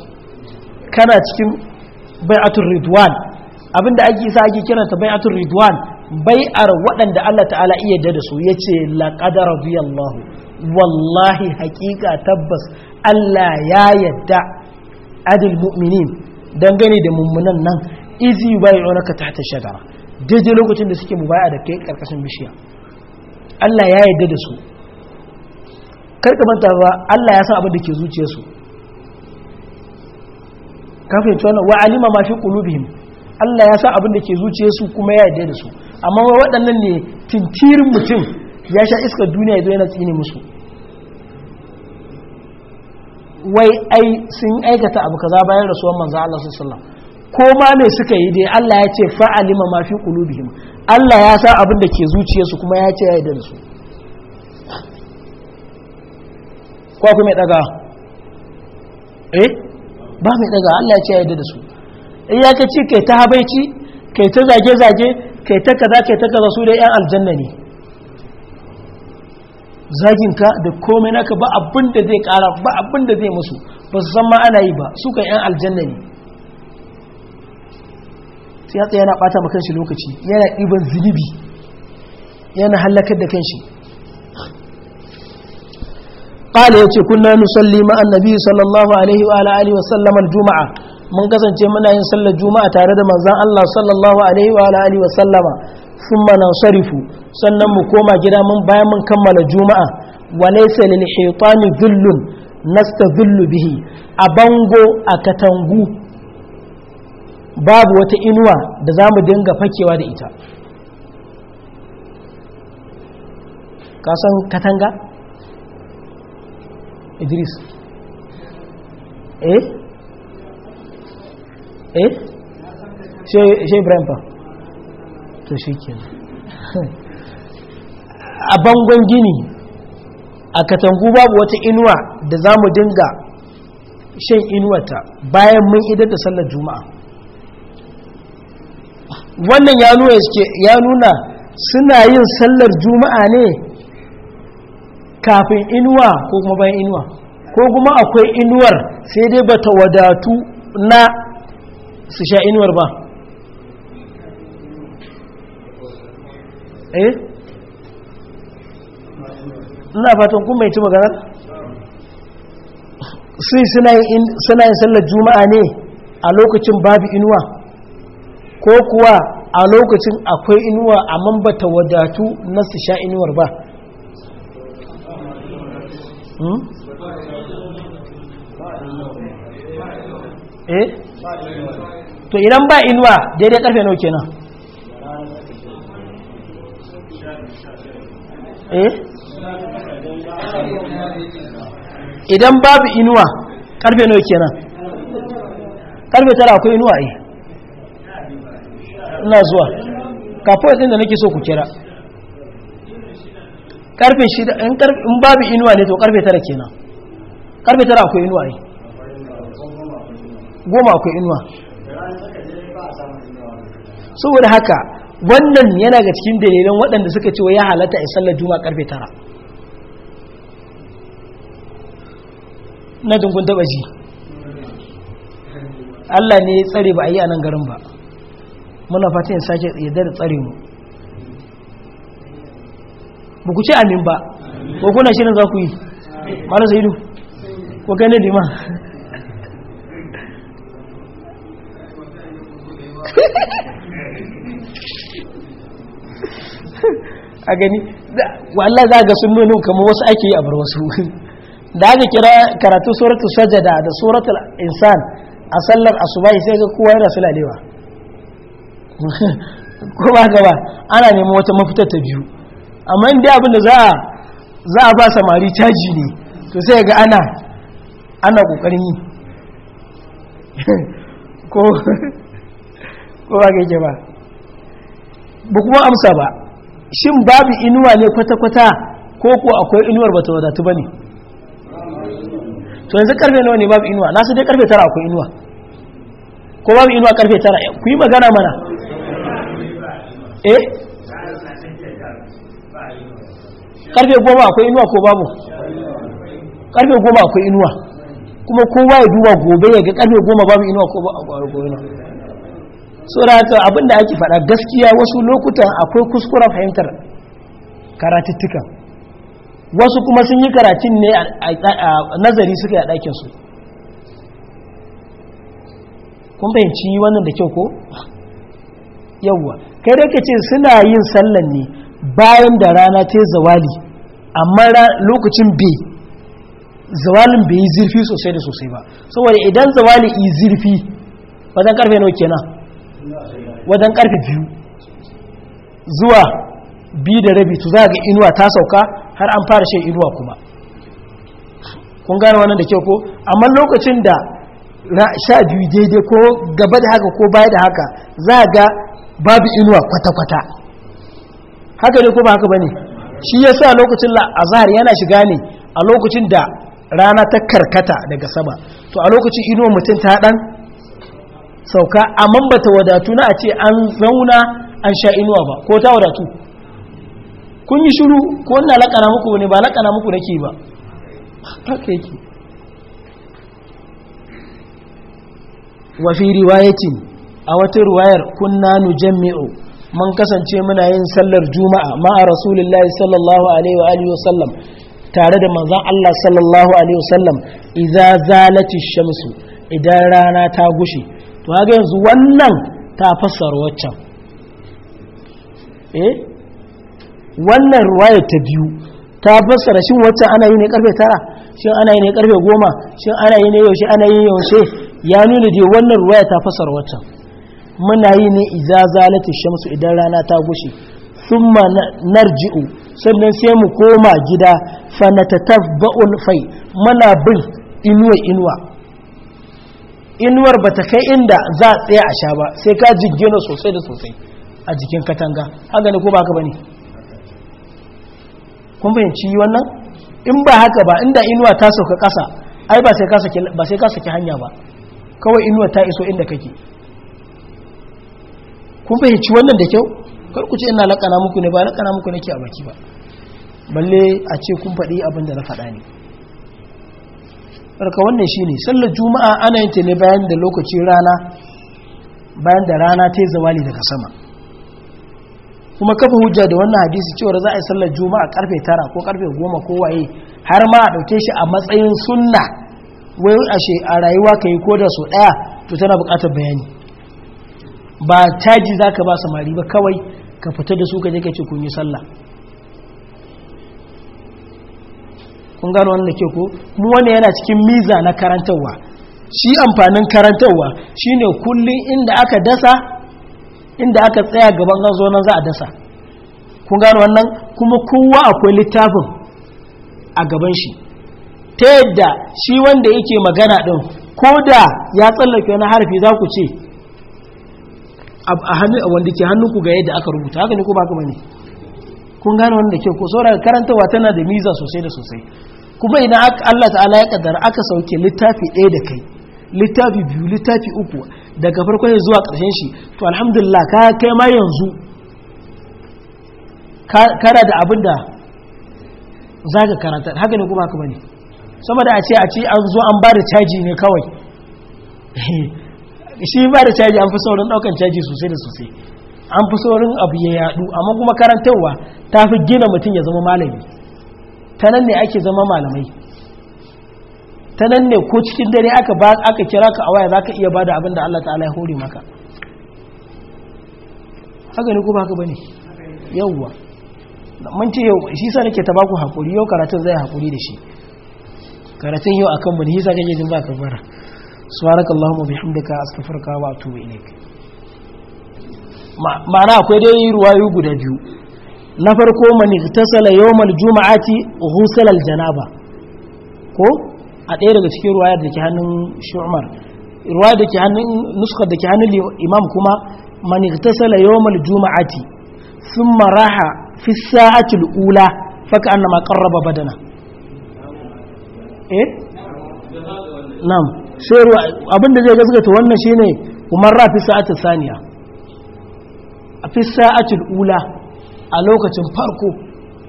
kana cikin bai'atul ridwan abinda ake sa ake kiranta bai'atul ridwan bai'ar waɗanda Allah ta'ala iya da da su ya ce laƙad radiyallahu wallahi haƙiƙa tabbas Allah ya yadda adil mu'minin dangane da mummunan nan izi bai onaka ta ta shagara daidai lokacin da suke mubaya da kai karkashin bishiya Allah ya yarda da su karka manta ba Allah ya san abin da ke zuciya su kafin tuwanan wa alima ma fi qulubihim Allah ya san abin da ke zuciya su kuma ya yarda da su amma waɗannan ne tintirin mutum ya sha iskar duniya ya zo yana tsine musu wai ai sun aikata abu kaza bayan rasuwar manzo Allah sallallahu alaihi wasallam ko ma me suka yi dai Allah ya ce fa'alima ma fi qulubihim Allah ya san abin da ke zuciyarsu kuma ya ce ya yi da su ko ku mai daga eh ba mai daga Allah ya ce ya yi da su in ya ka ce kai ta habaici kai ta zage zage kai ta kaza kai ta kaza su da yan aljanna ne zaginka da komai naka ba abin da zai kara ba abin da zai musu ba su san ma ana yi ba su kan yan aljanna ne sai yana bata ma kanshi lokaci yana ibin zunubi yana halakar da kanshi ƙala ya ce kuna nusalli ma'annabi sallallahu alaihi wa ala'ali wa sallamar juma'a mun kasance muna yin sallar juma'a tare da manzan Allah sallallahu alaihi wa ala'ali wa sallama sun mana sarifu sannan mu koma gida mun bayan mun kammala juma'a wa laisa lil shaytani dhullun nasta dhullu bihi a bango a katangu babu wata inuwa da za mu dinga fakewa da ita kasan katanga idris eh eh shi ibrahim fa to shi a bangon gini a katangu babu wata inuwa da za mu dinga shan inuwata bayan mun idar da sallar juma'a wannan ya nuna ya nuna suna yin sallar juma'a ne kafin inuwa ko kuma bayan inuwa ko kuma akwai inuwar sai dai bata wadatu na su sha inuwar ba eh ina fatan kuma mai ci magana sun suna yin sallar juma'a ne a lokacin babu inuwa ko kuwa a lokacin akwai inuwa amma mambata wadatu na su sha inuwar ba hmm? eh to idan ba inuwa daidai karfe nau kenan eh idan babu inuwa karfe nau kenan karfe tara akwai inuwa eh ina zuwa kafin ɗin da nake so ku kira karfe shida in babu inuwa ne to karfe tara kenan karfe tara akwai inuwa ne goma akwai inuwa saboda haka wannan yana ga cikin dalilan waɗanda suka ce ya halatta a sallar juma karfe tara na dungun taɓa ji Allah ne ya tsare ba a yi a nan garin ba muna fatan ya sake yadda da tsare mu ba ku ce amin ba ko kuna shirin za ku yi mara zaidu ko gane dima a gani wallah za ga sun nuna kamar wasu ake yi a bar wasu da aka kira karatu suratul sajada da suratul insan a sallar asuba sai ga kowa yana sulalewa ko ba gaba ana neman wata mafitar ta biyu amma inda abin da za a ba samari caji ne to sai ga ana ana kokarin yi ko ba ga yake ba ba kuma amsa ba shin babu inuwa ne kwata-kwata ko ko akwai inuwar ba ta wadatu ba ne to yanzu karfe nawa ne babu inuwa na su dai karfe tara akwai inuwa ko babu inuwa karfe tara ku yi magana mana eh karfe goma akwai inuwa ko babu karfe goma akwai inuwa kuma kowa ya duba gobe ya ga karfe goma babu inuwa ko babu inuwa saurata abinda ake faɗa gaskiya wasu lokutan akwai kuskura fahimtar karatuttuka wasu kuma sun yi karatun ne a nazari suka yi a ɗakinsu kun fahimci wannan da kyau ko yawwa kai da ce suna yin sallan ne bayan da rana ta zawali amma lokacin bai zawalin bai yi zirfi sosai da sosai ba saboda idan zawali yi zirfi wajen karfe nawa kenan wajen karfe biyu zuwa biyu da rabi to za ga inuwa ta sauka har an fara shan inuwa kuma kun gane wannan da kyau ko amma lokacin da sha biyu daidai ko gaba da haka ko baya da haka za ga babu inuwa kwata-kwata haka ne ko ba haka bane shi sa lokacin azhar yana shiga ne a lokacin da rana ta karkata daga sama to a lokacin inuwa mutum ta dan sauka amma bata wadatu na a ce an zauna an sha inuwa ba ko ta wadatu kun yi shiru ko wannan laƙana muku ne ba laƙana muku nake ba haka yake wa fi riwayatin a wata ruwayar kunna Jami'u mun kasance muna yin sallar juma'a ma'a rasulullahi sallallahu alaihi wa alihi wasallam tare da manzon Allah sallallahu alaihi wasallam idza zalati shamsu idan rana ta gushe to haka yanzu wannan ta fassara waccan eh wannan ruwaya ta biyu ta fassara shin waccan ana yi ne karfe tara shin ana yi ne karfe goma shin ana yi ne yaushe ana yi yaushe ya nuna dai wannan ruwaya ta fassara waccan muna yi ne iza zalatu shamsu idan rana ta gushe thumma narji'u sannan sai mu koma gida fa natatabba'ul fai muna bin inuwa inuwa inuwar ba ta kai inda za a tsaya a sha ba sai ka jingina sosai da sosai a jikin katanga haka ne ko ba haka bane kun fahimci wannan in ba haka ba inda inuwa ta sauka kasa ai ba sai ka saki hanya ba kawai inuwa ta iso inda kake kun fahimci wannan da kyau kar ku ce ina lakana muku ne ba lakana muku nake a baki ba balle a ce kun faɗi abin da na faɗa ne barka wannan shine sallar juma'a ana yin ta ne bayan da lokacin rana bayan da rana ta zawali daga sama kuma kafa hujja da wannan hadisi cewa za a yi sallar juma'a karfe tara ko karfe goma ko waye har ma a ɗauke shi a matsayin sunna wai a rayuwa ka yi ko da so ɗaya to tana buƙatar bayani ba caji za ka ba samari ba kawai ka fita da su ka je ka ce kun yi sallah kun gano wannan ke ko mu wannan yana cikin miza na karantarwa shi amfanin karantarwa shine kullun inda aka dasa inda aka tsaya gaban ganzo nan za a dasa kun gano wannan kuma kowa akwai littafin a gaban shi ta yadda shi wanda yake magana din ko da ya tsallake wani harfi za ku ce a hannu wanda ke hannunku ga yadda aka rubuta haka ne ko ba kuma ne kun gane wanda ke ko saboda karantawa tana da miza sosai da sosai kuma idan Allah ta'ala ya kaddara aka sauke littafi ɗaya da kai littafi biyu littafi uku daga farko ya zuwa ƙarshen shi to alhamdulillah ka kai ma yanzu kana da abin da za ka karanta haka ne kuma haka bane saboda a ce a ce an zo an ba da caji ne kawai shi ba da caji an fi saurin daukan caji sosai da sosai an fi saurin abu ya yadu amma kuma karantarwa ta fi gina mutum ya zama malami ta nan ne ake zama malamai ta nan ne ko cikin dare aka ba aka kira ka a waya zaka iya bada abin da Allah ta'ala ya hore maka haka ne ko ba haka bane yawwa mun ce yau shi sa nake ta baku hakuri yau karatun zai hakuri da shi karatun yau akan mu ne shi sa kake jin ba ka bara subhanakallahumma bihamdika astaghfiruka wa atubu ilaik ma'ana akwai dai ruwayu guda biyu na farko man igtasala yawmal juma'ati ghusala janaba ko a ɗaya daga cikin ruwaya da ke hannun shu'mar ruwaya da ke hannun nuskar da ke hannun imam kuma man igtasala yawmal juma'ati thumma raha fi sa'ati al-ula fa ka'annama qarraba badana eh na'am sayarwa abin da zai ta wannan shine umar rafi sa'atul saniya a fi sa'atul ula a lokacin farko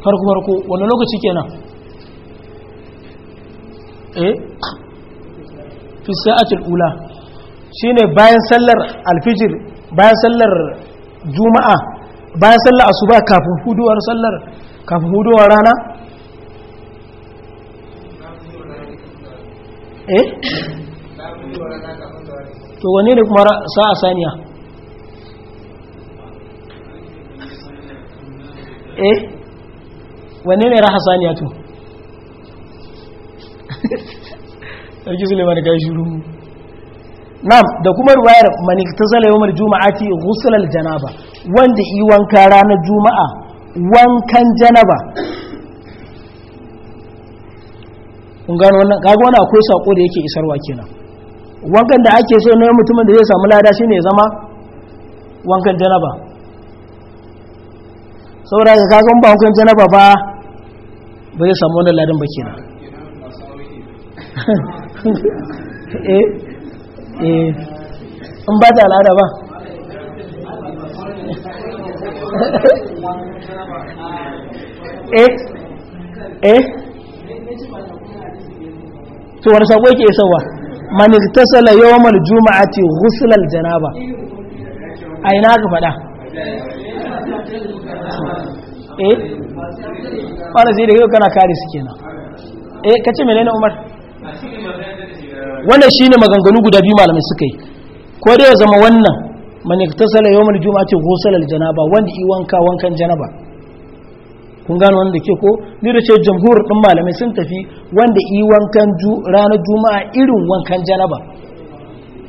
farko farko wani lokaci kenan eh fi sa'atul ula shine bayan sallar alfijir bayan sallar juma'a bayan sallar asuba kafin huduwar sallar kafin huduwar rana eh to wane ne kuma sa'a saniya eh wane ne raha saniya to sarki suleiman da shiru nam da kuma ruwayar maniktazala juma'a juma'ati ghuslal janaba wanda yi wanka ranar juma'a wankan janaba ƙungan wannan kaga wani akwai saƙo da yake isarwa kenan wankan da ake so na mutumin da zai samu lada shine ne zama wankan janaba saboda ka kagan ba wankan janaba ba ba zai samu wani ladin baki na eh eh in ba ta al'ada ba eh eh to wani ke yake sauwa man igtasala yawmal jumu'ati ghusl al janaba ai na ga fada eh wala sai da yau kana kare su kenan eh kace menene Umar wannan shine maganganu guda biyu malamai suka yi ko dai ya zama wannan man igtasala yawmal jumu'ati ghusl al janaba wanda iwanka wanka wankan janaba kun gano wanda ke ko ni da ce jamhur din malamai sun tafi wanda yi wankan ranar juma'a irin wankan janaba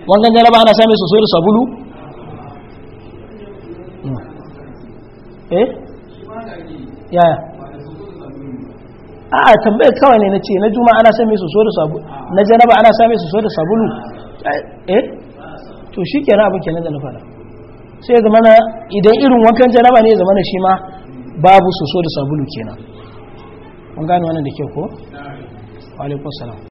wankan janaba ana same su da sabulu eh yaya a'a tambaye kawai ne na ce na juma'a ana same su da sabulu na janaba ana same su da sabulu eh to shi kenan abin kenan da na fara sai zamana idan irin wankan janaba ne zamana shi ma babu soso da sabulu kenan an gane wannan da kyau ko alaikum salam